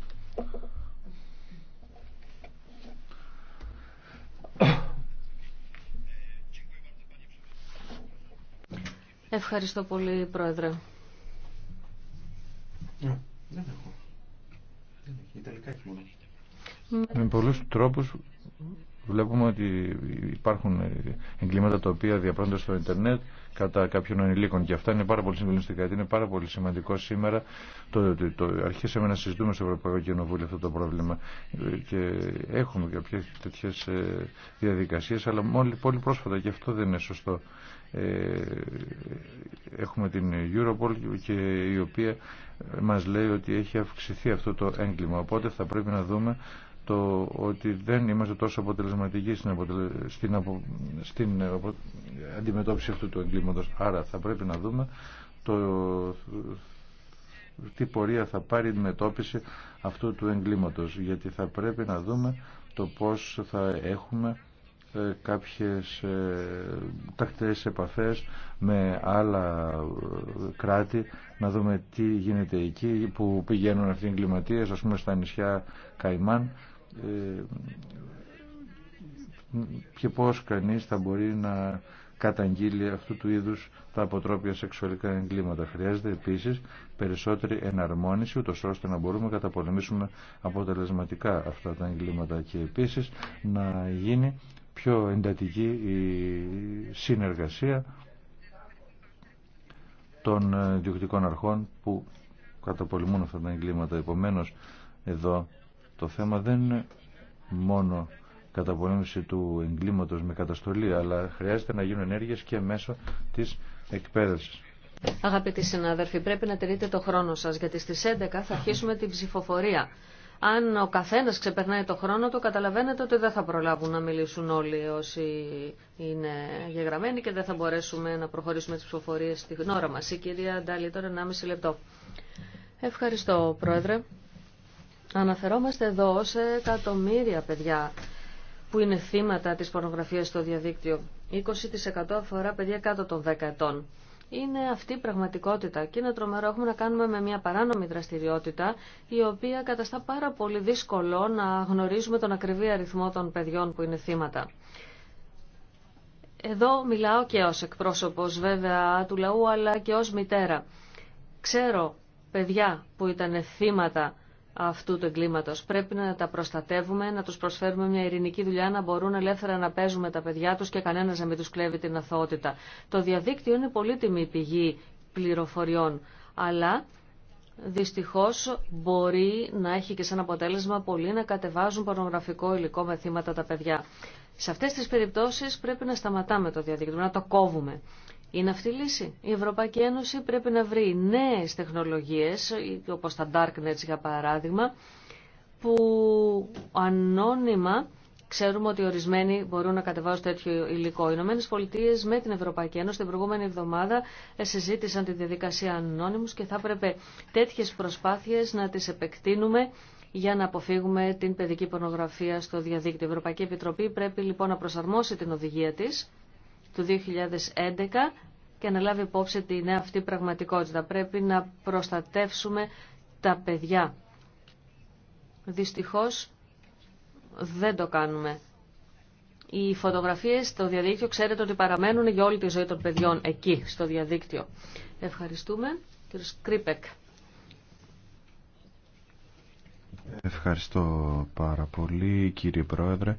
Ευχαριστώ πολύ πρόεδρε ναι, δεν έχω. Με πολλού τρόπου βλέπουμε ότι υπάρχουν εγκλήματα τα οποία διαπράττονται στο Ιντερνετ κατά κάποιων ανηλίκων και αυτά είναι πάρα πολύ συμβουλευτικά γιατί είναι πάρα πολύ σημαντικό σήμερα το, το, αρχίσαμε να συζητούμε στο Ευρωπαϊκό Κοινοβούλιο αυτό το πρόβλημα και έχουμε κάποιες τέτοιες ε, διαδικασίες αλλά μόλι πολύ πρόσφατα και αυτό δεν είναι σωστό ε, έχουμε την Europol και η οποία μας λέει ότι έχει αυξηθεί αυτό το έγκλημα. Οπότε θα πρέπει να δούμε το ότι δεν είμαστε τόσο αποτελεσματικοί στην, στην, στην ε, αντιμετώπιση αυτού του εγκλήματος. Άρα θα πρέπει να δούμε το... τι πορεία θα πάρει η αντιμετώπιση αυτού του εγκλήματος. Γιατί θα πρέπει να δούμε το πώς θα έχουμε ε, κάποιες ε, τακτές επαφές με άλλα ε, κράτη να δούμε τι γίνεται εκεί που πηγαίνουν αυτοί οι εγκληματίες ας πούμε στα νησιά Καϊμάν και πώς κανείς θα μπορεί να καταγγείλει αυτού του είδους τα αποτρόπια σεξουαλικά εγκλήματα. Χρειάζεται επίσης περισσότερη εναρμόνιση, ούτως ώστε να μπορούμε να καταπολεμήσουμε αποτελεσματικά αυτά τα εγκλήματα και επίσης να γίνει πιο εντατική η συνεργασία των ε, διοικητικών αρχών που καταπολεμούν αυτά τα εγκλήματα. Επομένως, εδώ το θέμα δεν είναι μόνο καταπολέμηση του εγκλήματος με καταστολή, αλλά χρειάζεται να γίνουν ενέργειες και μέσω της εκπαίδευσης. Αγαπητοί συνάδελφοι, πρέπει να τηρείτε το χρόνο σας, γιατί στις 11 θα αρχίσουμε την ψηφοφορία. Αν ο καθένα ξεπερνάει το χρόνο του, καταλαβαίνετε ότι δεν θα προλάβουν να μιλήσουν όλοι όσοι είναι γεγραμμένοι και δεν θα μπορέσουμε να προχωρήσουμε τι ψηφοφορίε στην γνώρα μα. Η κυρία Ντάλη, τώρα 1,5 λεπτό. Ευχαριστώ, Πρόεδρε. Αναφερόμαστε εδώ σε εκατομμύρια παιδιά που είναι θύματα της πορνογραφίας στο διαδίκτυο. 20% αφορά παιδιά κάτω των 10 ετών είναι αυτή η πραγματικότητα και είναι τρομερό έχουμε να κάνουμε με μια παράνομη δραστηριότητα η οποία καταστά πάρα πολύ δύσκολο να γνωρίζουμε τον ακριβή αριθμό των παιδιών που είναι θύματα. Εδώ μιλάω και ως εκπρόσωπος βέβαια του λαού αλλά και ως μητέρα. Ξέρω παιδιά που ήταν θύματα αυτού του εγκλήματο. Πρέπει να τα προστατεύουμε, να τους προσφέρουμε μια ειρηνική δουλειά, να μπορούν ελεύθερα να παίζουν με τα παιδιά τους και κανένας να μην τους κλέβει την αθωότητα. Το διαδίκτυο είναι πολύτιμη πηγή πληροφοριών, αλλά δυστυχώς μπορεί να έχει και σαν αποτέλεσμα πολλοί να κατεβάζουν πορνογραφικό υλικό με θύματα τα παιδιά. Σε αυτές τις περιπτώσεις πρέπει να σταματάμε το διαδίκτυο, να το κόβουμε. Είναι αυτή η λύση. Η Ευρωπαϊκή Ένωση πρέπει να βρει νέες τεχνολογίες, όπως τα Darknet για παράδειγμα, που ανώνυμα ξέρουμε ότι ορισμένοι μπορούν να κατεβάσουν τέτοιο υλικό. Οι Ηνωμένε Πολιτείε με την Ευρωπαϊκή Ένωση την προηγούμενη εβδομάδα συζήτησαν τη διαδικασία ανώνυμους και θα έπρεπε τέτοιες προσπάθειες να τις επεκτείνουμε για να αποφύγουμε την παιδική πορνογραφία στο διαδίκτυο. Η Ευρωπαϊκή Επιτροπή πρέπει λοιπόν να προσαρμόσει την οδηγία της του 2011 και να λάβει υπόψη τη νέα αυτή πραγματικότητα. Πρέπει να προστατεύσουμε τα παιδιά. Δυστυχώς δεν το κάνουμε. Οι φωτογραφίες στο διαδίκτυο ξέρετε ότι παραμένουν για όλη τη ζωή των παιδιών εκεί, στο διαδίκτυο. Ευχαριστούμε. Κύριο κρύπεκ. Ευχαριστώ πάρα πολύ κύριε Πρόεδρε.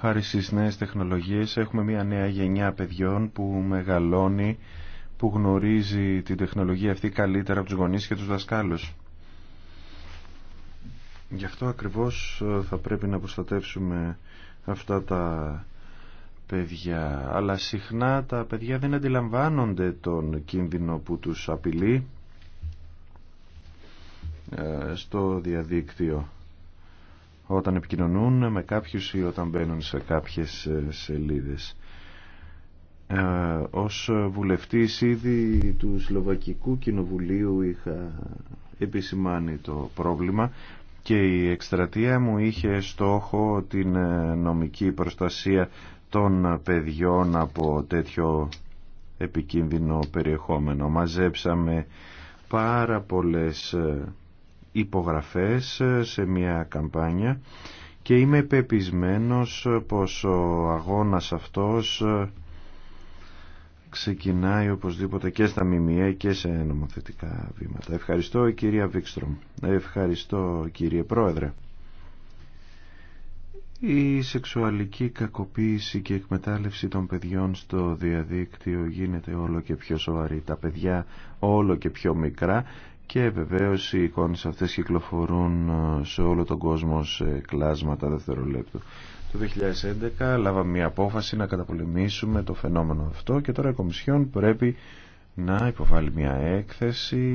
Χάρη στις νέες τεχνολογίες έχουμε μια νέα γενιά παιδιών που μεγαλώνει, που γνωρίζει την τεχνολογία αυτή καλύτερα από τους γονείς και τους δασκάλους. Γι' αυτό ακριβώς ε, θα πρέπει να προστατεύσουμε αυτά τα παιδιά. Αλλά συχνά τα παιδιά δεν αντιλαμβάνονται τον κίνδυνο που τους απειλεί ε, στο διαδίκτυο όταν επικοινωνούν με κάποιους ή όταν μπαίνουν σε κάποιες ε, σελίδες. Ε, ως βουλευτής ήδη του Σλοβακικού Κοινοβουλίου είχα επισημάνει το πρόβλημα και η εκστρατεία μου είχε στόχο την ε, νομική προστασία των παιδιών από τέτοιο επικίνδυνο περιεχόμενο. Μαζέψαμε πάρα πολλές ε, υπογραφές ε, σε μια καμπάνια και είμαι πεπισμένος πως ο αγώνας αυτός ε, ξεκινάει οπωσδήποτε και στα ΜΜΕ και σε νομοθετικά βήματα. Ευχαριστώ κυρία Βίξτρομ. Ευχαριστώ κύριε Πρόεδρε. Η σεξουαλική κακοποίηση και εκμετάλλευση των παιδιών στο διαδίκτυο γίνεται όλο και πιο σοβαρή. Τα παιδιά όλο και πιο μικρά και βεβαίως οι εικόνες αυτές κυκλοφορούν ε, σε όλο τον κόσμο σε κλάσματα δευτερολέπτου. Το 2011 λάβαμε μια απόφαση να καταπολεμήσουμε το φαινόμενο αυτό και τώρα η Κομισιόν πρέπει να υποβάλει μια έκθεση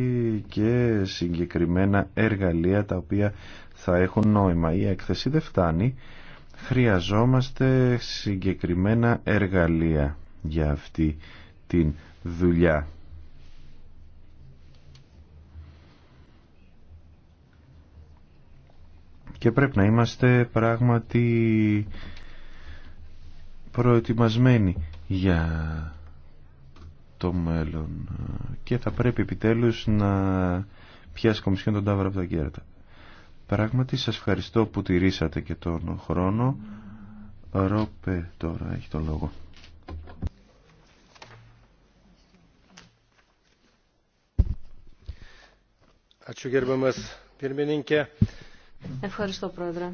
και συγκεκριμένα εργαλεία τα οποία θα έχουν νόημα. Η έκθεση δεν φτάνει. Χρειαζόμαστε συγκεκριμένα εργαλεία για αυτή την δουλειά. και πρέπει να είμαστε πράγματι προετοιμασμένοι για το μέλλον και θα πρέπει επιτέλους να πιάσει κομισιόν τον τάβρο από τα κέρατα. Πράγματι σας ευχαριστώ που τηρήσατε και τον χρόνο. Ρόπε τώρα έχει τον λόγο. Ačiū Ευχαριστώ, Πρόεδρε.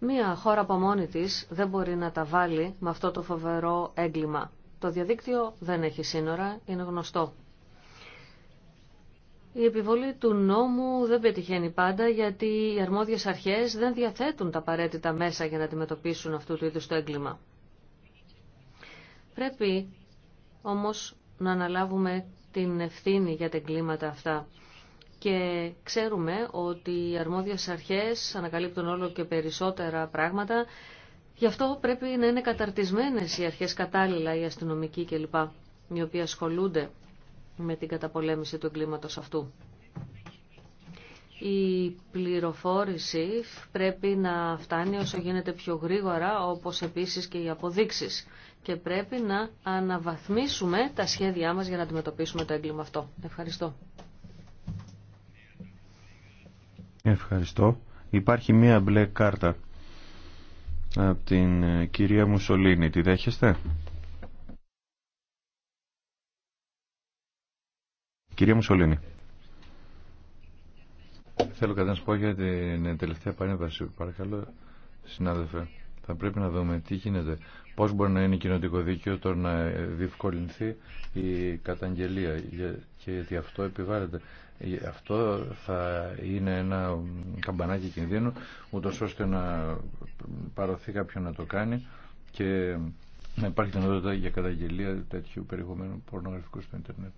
Μία χώρα από μόνη της δεν μπορεί να τα βάλει με αυτό το φοβερό έγκλημα. Το διαδίκτυο δεν έχει σύνορα, είναι γνωστό. Η επιβολή του νόμου δεν πετυχαίνει πάντα γιατί οι αρμόδιες αρχές δεν διαθέτουν τα απαραίτητα μέσα για να αντιμετωπίσουν αυτού του είδους το έγκλημα. Πρέπει όμως να αναλάβουμε την ευθύνη για τα εγκλήματα αυτά. Και ξέρουμε ότι οι αρμόδιες αρχές ανακαλύπτουν όλο και περισσότερα πράγματα. Γι' αυτό πρέπει να είναι καταρτισμένες οι αρχές κατάλληλα, οι αστυνομικοί κλπ. Οι οποίοι ασχολούνται με την καταπολέμηση του εγκλήματος αυτού. Η πληροφόρηση πρέπει να φτάνει όσο γίνεται πιο γρήγορα, όπως επίσης και οι αποδείξεις και πρέπει να αναβαθμίσουμε τα σχέδιά μας για να αντιμετωπίσουμε το έγκλημα αυτό. Ευχαριστώ. Ευχαριστώ. Υπάρχει μία μπλε κάρτα από την ε, κυρία Μουσολίνη. Τη δέχεστε? Κυρία Μουσολίνη. Θέλω κατά να σας πω για την ε, τελευταία παρέμβαση. Παρακαλώ, συνάδελφε. Θα πρέπει να δούμε τι γίνεται. Πώς μπορεί να είναι κοινοτικό δίκαιο το να διευκολυνθεί η καταγγελία και γιατί αυτό επιβάλλεται. Ε, αυτό θα είναι ένα καμπανάκι κινδύνου ούτω ώστε να παρωθεί κάποιον να το κάνει και να υπάρχει δυνατότητα για καταγγελία τέτοιου περιεχομένου πορνογραφικού στο ίντερνετ.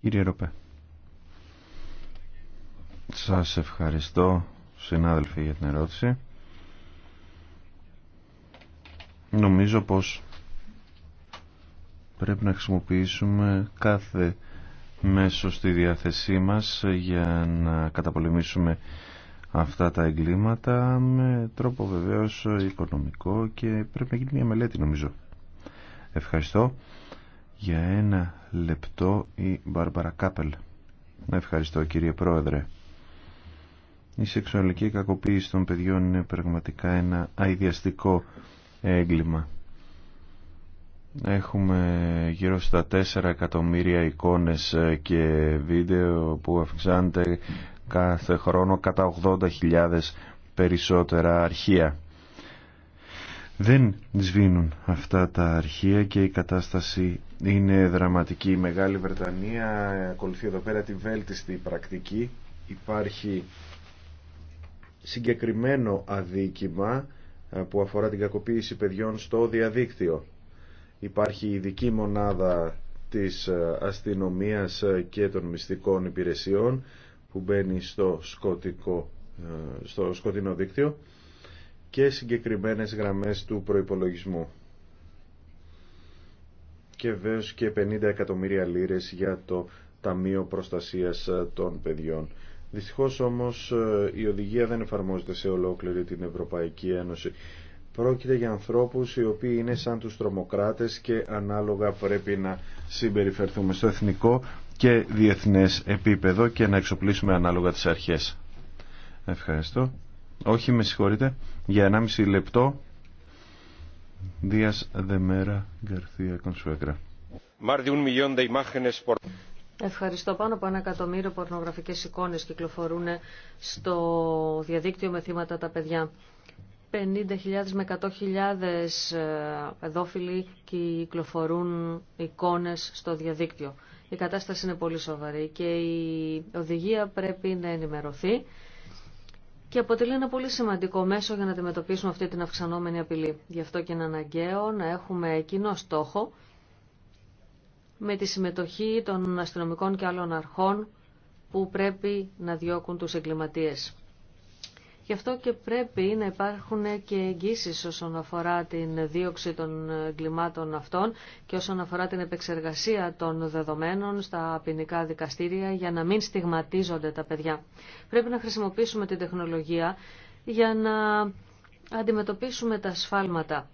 Κύριε Ροπέ, σας ευχαριστώ συνάδελφοι για την ερώτηση. Νομίζω πως πρέπει να χρησιμοποιήσουμε κάθε μέσο στη διάθεσή μας για να καταπολεμήσουμε αυτά τα εγκλήματα με τρόπο βεβαίως οικονομικό και πρέπει να γίνει μια μελέτη νομίζω. Ευχαριστώ. Για ένα λεπτό η Μπάρμπαρα Κάπελ. Ευχαριστώ κύριε Πρόεδρε. Η σεξουαλική κακοποίηση των παιδιών είναι πραγματικά ένα αειδιαστικό έγκλημα. Έχουμε γύρω στα 4 εκατομμύρια εικόνες και βίντεο που αυξάνεται κάθε χρόνο κατά 80.000 περισσότερα αρχεία. Δεν σβήνουν αυτά τα αρχεία και η κατάσταση είναι δραματική. Η Μεγάλη Βρετανία ακολουθεί εδώ πέρα τη βέλτιστη πρακτική. Υπάρχει συγκεκριμένο αδίκημα ε, που αφορά την κακοποίηση παιδιών στο διαδίκτυο. Υπάρχει ειδική μονάδα της ε, αστυνομίας ε, και των μυστικών υπηρεσιών που μπαίνει στο, σκοτικό, στο σκοτεινό δίκτυο και συγκεκριμένες γραμμές του προϋπολογισμού και βεβαίω και 50 εκατομμύρια λίρες για το Ταμείο Προστασίας των Παιδιών. Δυστυχώς όμως ε, η οδηγία δεν εφαρμόζεται σε ολόκληρη την Ευρωπαϊκή Ένωση. Πρόκειται για ανθρώπους οι οποίοι είναι σαν τους τρομοκράτες και ανάλογα πρέπει να συμπεριφερθούμε στο εθνικό και διεθνές επίπεδο και να εξοπλίσουμε ανάλογα τις αρχές. Ευχαριστώ. Όχι, με συγχωρείτε. Για 1,5 λεπτό. Δίας Δεμέρα Γκαρθία Κονσουέκρα. Ευχαριστώ. Πάνω από ένα εκατομμύριο πορνογραφικές εικόνες κυκλοφορούν στο διαδίκτυο με θύματα τα παιδιά. 50.000 με 100.000 ε, παιδόφιλοι κυκλοφορούν εικόνες στο διαδίκτυο. Η κατάσταση είναι πολύ σοβαρή και η οδηγία πρέπει να ενημερωθεί και αποτελεί ένα πολύ σημαντικό μέσο για να αντιμετωπίσουμε αυτή την αυξανόμενη απειλή. Γι' αυτό και είναι αναγκαίο να έχουμε κοινό στόχο με τη συμμετοχή των αστυνομικών και άλλων αρχών που πρέπει να διώκουν τους εγκληματίες. Γι' αυτό και πρέπει να υπάρχουν και εγγύσεις όσον αφορά την δίωξη των εγκλημάτων αυτών και όσον αφορά την επεξεργασία των δεδομένων στα ποινικά δικαστήρια για να μην στιγματίζονται τα παιδιά. Πρέπει να χρησιμοποιήσουμε την τεχνολογία για να αντιμετωπίσουμε τα σφάλματα.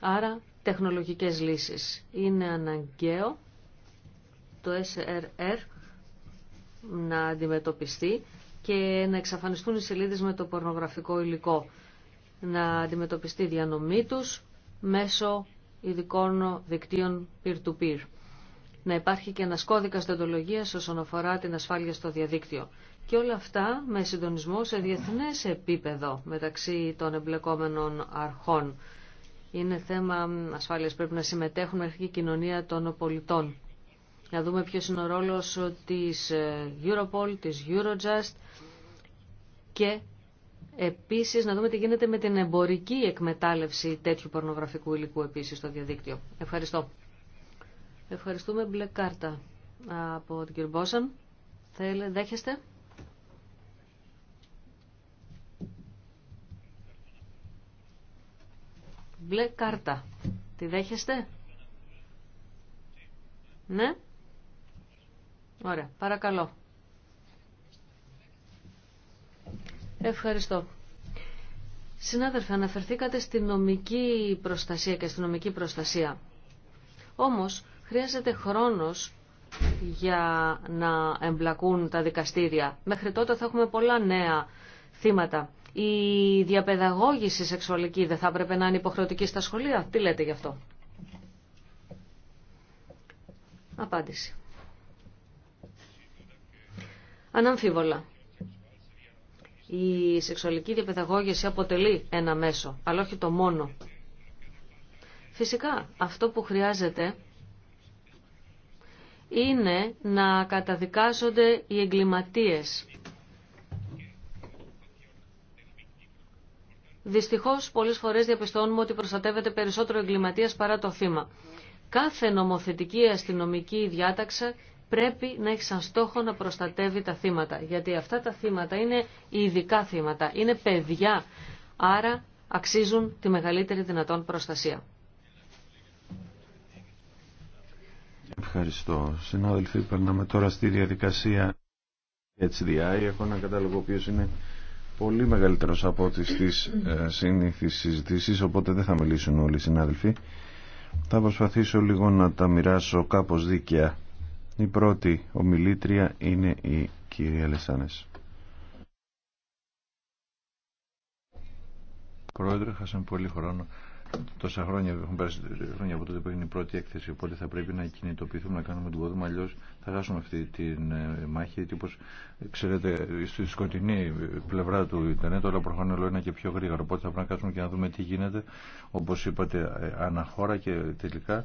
Άρα τεχνολογικές λύσεις. Είναι αναγκαίο το SRR να αντιμετωπιστεί και να εξαφανιστούν οι σελίδες με το πορνογραφικό υλικό, να αντιμετωπιστεί η διανομή τους μέσω ειδικών δικτύων peer-to-peer. Να υπάρχει και ένας κώδικας δοντολογίας όσον αφορά την ασφάλεια στο διαδίκτυο. Και όλα αυτά με συντονισμό σε διεθνές επίπεδο μεταξύ των εμπλεκόμενων αρχών. Είναι θέμα ασφάλειας πρέπει να συμμετέχουν αρχική κοινωνία των πολιτών να δούμε ποιος είναι ο ρόλος της ε, Europol, της Eurojust και επίσης να δούμε τι γίνεται με την εμπορική εκμετάλλευση τέτοιου πορνογραφικού υλικού επίσης στο διαδίκτυο. Ευχαριστώ. Ευχαριστούμε μπλε κάρτα από την Μπόσαν. Θέλε, δέχεστε. Μπλε κάρτα. Τη δέχεστε. Ναι. Ωραία, παρακαλώ. Ευχαριστώ. Συνάδελφε, αναφερθήκατε στη νομική προστασία και στη νομική προστασία. Όμως, χρειάζεται χρόνος για να εμπλακούν τα δικαστήρια. Μέχρι τότε θα έχουμε πολλά νέα θύματα. Η διαπαιδαγώγηση σεξουαλική δεν θα έπρεπε να είναι υποχρεωτική στα σχολεία. Τι λέτε γι' αυτό. Απάντηση. Αναμφίβολα. Η σεξουαλική διαπαιδαγώγηση αποτελεί ένα μέσο, αλλά όχι το μόνο. Φυσικά, αυτό που χρειάζεται είναι να καταδικάζονται οι εγκληματίες. Δυστυχώς, πολλές φορές διαπιστώνουμε ότι προστατεύεται περισσότερο εγκληματίας παρά το θύμα. Κάθε νομοθετική αστυνομική διάταξη πρέπει να έχει σαν στόχο να προστατεύει τα θύματα. Γιατί αυτά τα θύματα είναι ειδικά θύματα, είναι παιδιά, άρα αξίζουν τη μεγαλύτερη δυνατόν προστασία. Ευχαριστώ. Συνάδελφοι, περνάμε τώρα στη διαδικασία HDI. Έχω ένα κατάλογο ο είναι πολύ μεγαλύτερος από ό,τι στις ε, συνήθεις οπότε δεν θα μιλήσουν όλοι οι συνάδελφοι. Θα προσπαθήσω λίγο να τα μοιράσω κάπως δίκαια η πρώτη ομιλήτρια είναι η κυρία Λεσάνες. Πρόεδρε, χάσαμε πολύ χρόνο. Τόσα χρόνια έχουν περάσει χρόνια από τότε που έγινε η πρώτη έκθεση. Οπότε θα πρέπει να κινητοποιηθούμε, να κάνουμε τον κόδωμα. Αλλιώ θα χάσουμε αυτή τη ε, μάχη. Γιατί όπω ξέρετε, στη σκοτεινή πλευρά του Ιντερνετ όλα προχωράνε όλο ένα και πιο γρήγορα. Οπότε θα πρέπει να κάτσουμε και να δούμε τι γίνεται. Όπω είπατε, ε, αναχώρα και τελικά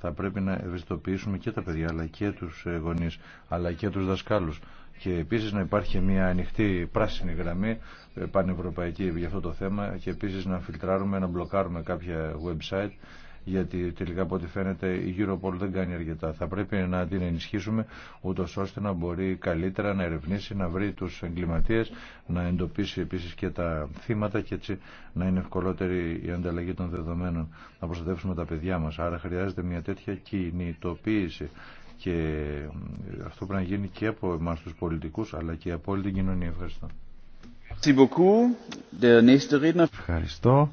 θα πρέπει να ευαισθητοποιήσουμε και τα παιδιά αλλά και τους ε, γονείς αλλά και τους δασκάλους και επίσης να υπάρχει μια ανοιχτή πράσινη γραμμή ε, πανευρωπαϊκή για αυτό το θέμα και επίσης να φιλτράρουμε, να μπλοκάρουμε κάποια website γιατί τελικά από ό,τι φαίνεται η Europol δεν κάνει αρκετά. Θα πρέπει να την ενισχύσουμε ούτω ώστε να μπορεί καλύτερα να ερευνήσει, να βρει του εγκληματίε, να εντοπίσει επίση και τα θύματα και έτσι να είναι ευκολότερη η ανταλλαγή των δεδομένων, να προστατεύσουμε τα παιδιά μα. Άρα χρειάζεται μια τέτοια κινητοποίηση και αυτό πρέπει να γίνει και από εμά του πολιτικού αλλά και από όλη την κοινωνία. Ευχαριστώ. Ευχαριστώ.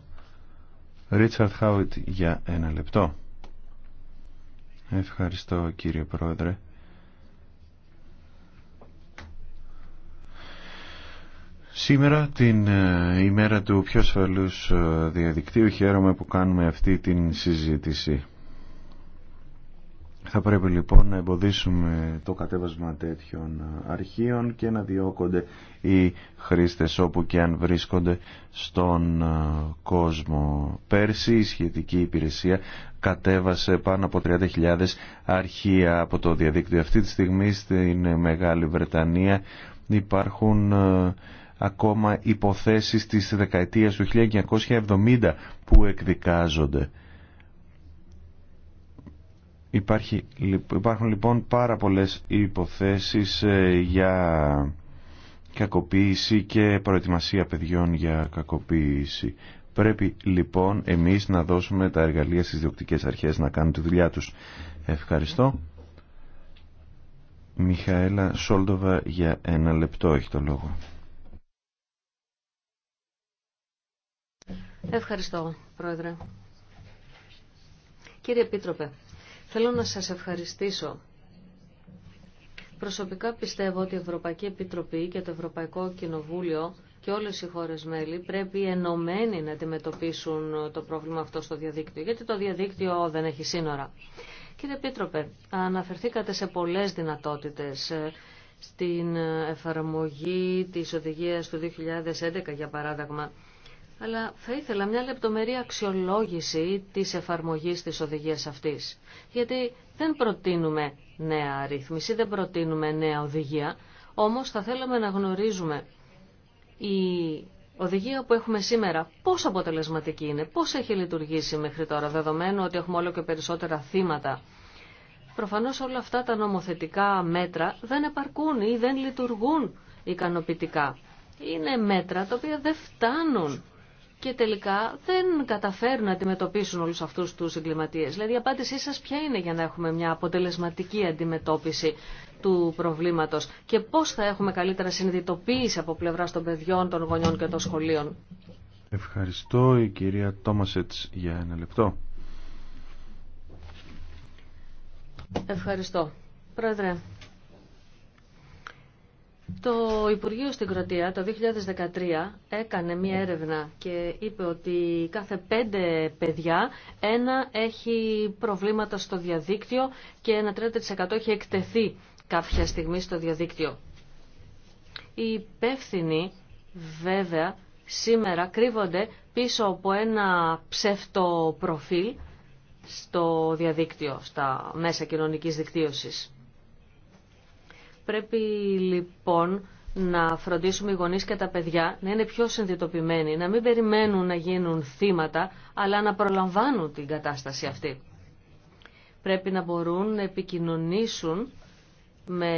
Ρίτσαρτ Χάουιτ για ένα λεπτό. Ευχαριστώ κύριε Πρόεδρε. Σήμερα την ε, ημέρα του πιο ασφαλούς ε, διαδικτύου χαίρομαι που κάνουμε αυτή την συζήτηση. Θα πρέπει λοιπόν να εμποδίσουμε το κατέβασμα τέτοιων αρχείων και να διώκονται οι χρήστες όπου και αν βρίσκονται στον ε, κόσμο. Πέρσι η σχετική υπηρεσία κατέβασε πάνω από 30.000 αρχεία από το διαδίκτυο. Αυτή τη στιγμή στην Μεγάλη Βρετανία υπάρχουν ε, ακόμα υποθέσεις της δεκαετίας του 1970 που εκδικάζονται. Υπάρχει, υπάρχουν λοιπόν πάρα πολλές υποθέσεις ε, για κακοποίηση και προετοιμασία παιδιών για κακοποίηση. Πρέπει λοιπόν εμείς να δώσουμε τα εργαλεία στις διοκτικές αρχές να κάνουν τη δουλειά τους. Ευχαριστώ. Μιχαέλα Σόλτοβα για ένα λεπτό έχει το λόγο. Ευχαριστώ, Πρόεδρε. Κύριε Επίτροπε, Θέλω να σας ευχαριστήσω. Προσωπικά πιστεύω ότι η Ευρωπαϊκή Επιτροπή και το Ευρωπαϊκό Κοινοβούλιο και όλες οι χώρες μέλη πρέπει ενωμένοι να αντιμετωπίσουν το πρόβλημα αυτό στο διαδίκτυο, γιατί το διαδίκτυο δεν έχει σύνορα. Κύριε Επίτροπε, αναφερθήκατε σε πολλές δυνατότητες ε, στην εφαρμογή της οδηγίας του 2011, για παράδειγμα, αλλά θα ήθελα μια λεπτομερή αξιολόγηση της εφαρμογής της οδηγίας αυτής. Γιατί δεν προτείνουμε νέα αρρύθμιση, δεν προτείνουμε νέα οδηγία, όμως θα θέλαμε να γνωρίζουμε η οδηγία που έχουμε σήμερα πώς αποτελεσματική είναι, πώς έχει λειτουργήσει μέχρι τώρα, δεδομένου ότι έχουμε όλο και περισσότερα θύματα. Προφανώς όλα αυτά τα νομοθετικά μέτρα δεν επαρκούν ή δεν λειτουργούν ικανοποιητικά. Είναι μέτρα τα οποία δεν φτάνουν και τελικά δεν καταφέρουν να αντιμετωπίσουν όλους αυτούς τους εγκληματίες. Δηλαδή η απάντησή σας ποια είναι για να έχουμε μια αποτελεσματική αντιμετώπιση του προβλήματος και πώς θα έχουμε καλύτερα συνειδητοποίηση από πλευρά των παιδιών, των γονιών και των σχολείων. Ευχαριστώ η κυρία Τόμασετς για ένα λεπτό. Ευχαριστώ. Πρόεδρε, το Υπουργείο στην Κροατία το 2013 έκανε μία έρευνα και είπε ότι κάθε πέντε παιδιά ένα έχει προβλήματα στο διαδίκτυο και ένα 30% έχει εκτεθεί κάποια στιγμή στο διαδίκτυο. Οι υπεύθυνοι βέβαια σήμερα κρύβονται πίσω από ένα ψεύτο προφίλ στο διαδίκτυο, στα μέσα κοινωνικής δικτύωσης. Πρέπει λοιπόν να φροντίσουμε οι γονείς και τα παιδιά να είναι πιο συνδυτοποιημένοι, να μην περιμένουν να γίνουν θύματα, αλλά να προλαμβάνουν την κατάσταση αυτή. Πρέπει να μπορούν να επικοινωνήσουν με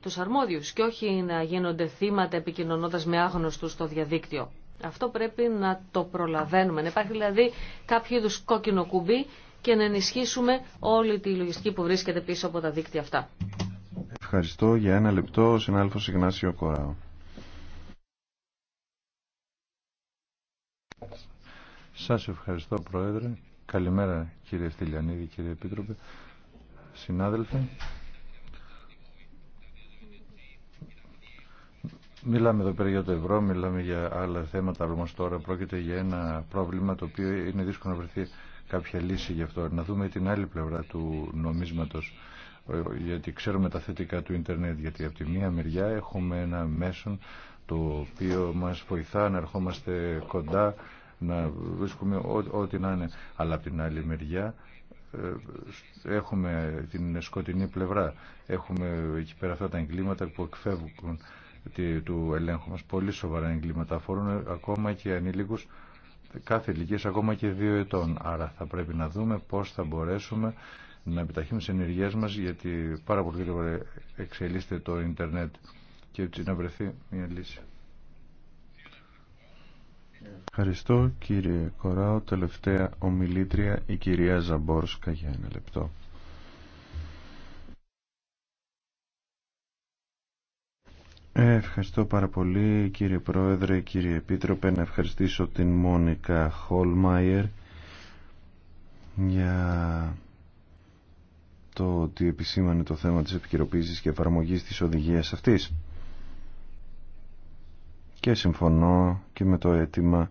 τους αρμόδιους και όχι να γίνονται θύματα επικοινωνώντας με άγνωστους στο διαδίκτυο. Αυτό πρέπει να το προλαβαίνουμε. Να υπάρχει δηλαδή κάποιο είδου κόκκινο κουμπί και να ενισχύσουμε όλη τη λογιστική που βρίσκεται πίσω από τα δίκτυα αυτά. Ευχαριστώ για ένα λεπτό συνάδελφο συνάδελφος Ιγνάσιο Κοράο. Σας ευχαριστώ Πρόεδρε. Καλημέρα κύριε Στυλιανίδη, κύριε Επίτροπε, συνάδελφοι. Μιλάμε εδώ πέρα για το ευρώ, μιλάμε για άλλα θέματα, αλλά όμως τώρα πρόκειται για ένα πρόβλημα το οποίο είναι δύσκολο να βρεθεί κάποια λύση γι' αυτό. Να δούμε την άλλη πλευρά του νομίσματος, γιατί ξέρουμε τα θετικά του ίντερνετ, γιατί από τη μία μεριά έχουμε ένα μέσον το οποίο μας βοηθά να ερχόμαστε κοντά, να βρίσκουμε ό,τι να είναι. Αλλά από την άλλη μεριά ε, έχουμε την σκοτεινή πλευρά. Έχουμε εκεί πέρα αυτά τα εγκλήματα που εκφεύγουν του ελέγχου μας. Πολύ σοβαρά εγκλήματα αφορούν ακόμα και ανήλικους κάθε ηλικία ακόμα και δύο ετών. Άρα θα πρέπει να δούμε πώς θα μπορέσουμε να επιταχύνουμε τις ενεργέ μας γιατί πάρα πολύ γρήγορα εξελίσσεται το ίντερνετ και έτσι να βρεθεί μια λύση. Ευχαριστώ κύριε Κοράου. Τελευταία ομιλήτρια η κυρία Ζαμπόρσκα για ένα λεπτό. Ε, ευχαριστώ πάρα πολύ κύριε Πρόεδρε, κύριε Επίτροπε. Να ευχαριστήσω την Μόνικα Χολμάιερ για το ότι επισήμανε το θέμα της επικαιροποίησης και εφαρμογής της οδηγίας αυτής. Και συμφωνώ και με το αίτημα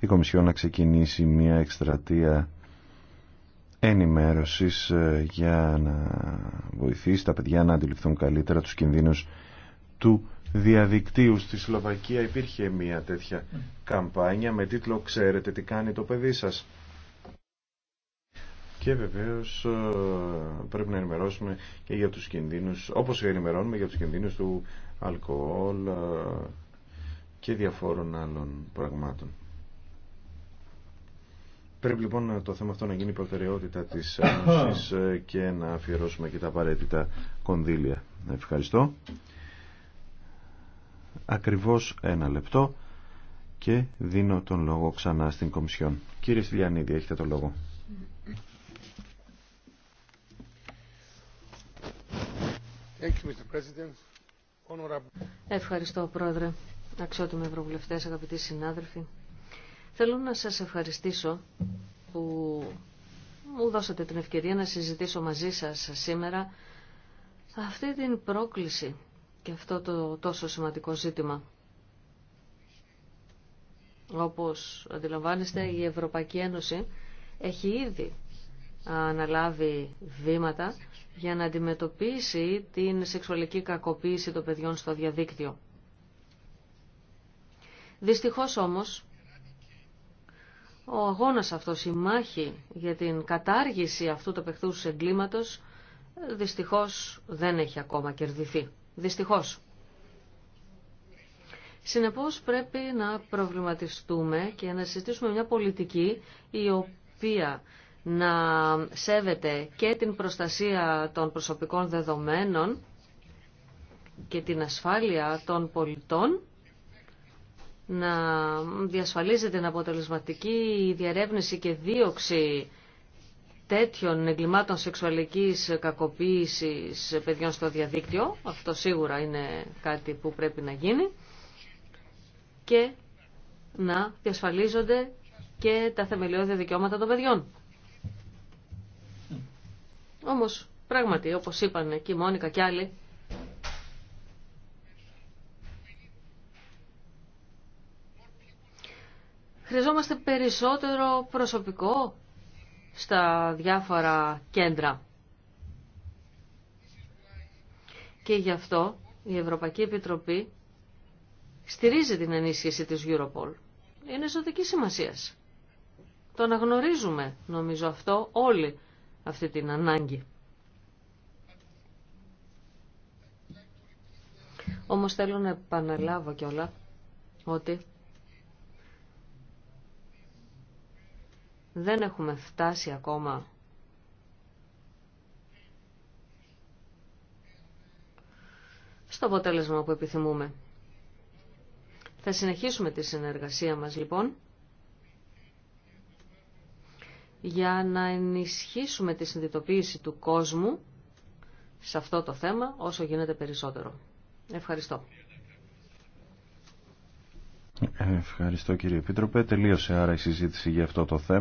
η Κομισιό να ξεκινήσει μια εκστρατεία ενημέρωσης ε, για να βοηθήσει τα παιδιά να αντιληφθούν καλύτερα τους κινδύνους του διαδικτύου στη Σλοβακία υπήρχε μια τέτοια καμπάνια με τίτλο «Ξέρετε τι κάνει το παιδί σας». Και βεβαίως ε, πρέπει να ενημερώσουμε και για τους κινδύνους, όπως ενημερώνουμε για τους κινδύνους του αλκοόλ ε, και διαφόρων άλλων πραγμάτων. Πρέπει λοιπόν το θέμα αυτό να γίνει προτεραιότητα της Ένωσης ε, και να αφιερώσουμε και τα απαραίτητα κονδύλια. Ευχαριστώ ακριβώς ένα λεπτό και δίνω τον λόγο ξανά στην Κομισιόν. Κύριε Στυλιανίδη, έχετε τον λόγο. Ευχαριστώ, Πρόεδρε, αξιότιμοι ευρωβουλευτές, αγαπητοί συνάδελφοι. Θέλω να σας ευχαριστήσω που μου δώσατε την ευκαιρία να συζητήσω μαζί σας σήμερα αυτή την πρόκληση και αυτό το τόσο σημαντικό ζήτημα. Όπως αντιλαμβάνεστε, η Ευρωπαϊκή Ένωση έχει ήδη αναλάβει βήματα για να αντιμετωπίσει την σεξουαλική κακοποίηση των παιδιών στο διαδίκτυο. Δυστυχώς όμως, ο αγώνας αυτός, η μάχη για την κατάργηση αυτού του απεχθούς εγκλήματος, δυστυχώς δεν έχει ακόμα κερδιθεί. Δυστυχώς. Συνεπώς πρέπει να προβληματιστούμε και να συζητήσουμε μια πολιτική η οποία να σέβεται και την προστασία των προσωπικών δεδομένων και την ασφάλεια των πολιτών, να διασφαλίζεται την αποτελεσματική διαρεύνηση και δίωξη τέτοιων εγκλημάτων σεξουαλικής κακοποίησης παιδιών στο διαδίκτυο. Αυτό σίγουρα είναι κάτι που πρέπει να γίνει. Και να διασφαλίζονται και τα θεμελιώδη δικαιώματα των παιδιών. Όμως, πράγματι, όπως είπαν και η Μόνικα και άλλοι, χρειαζόμαστε περισσότερο προσωπικό στα διάφορα κέντρα. Και γι' αυτό η Ευρωπαϊκή Επιτροπή στηρίζει την ενίσχυση της Europol. Είναι ζωτική σημασία. Το αναγνωρίζουμε, νομίζω αυτό, όλοι αυτή την ανάγκη. Όμως θέλω να επαναλάβω κιόλα ότι δεν έχουμε φτάσει ακόμα στο αποτέλεσμα που επιθυμούμε. Θα συνεχίσουμε τη συνεργασία μας λοιπόν για να ενισχύσουμε τη συνειδητοποίηση του κόσμου σε αυτό το θέμα όσο γίνεται περισσότερο. Ευχαριστώ. Ευχαριστώ κύριε Επίτροπε. Τελείωσε άρα η συζήτηση για αυτό το θέμα.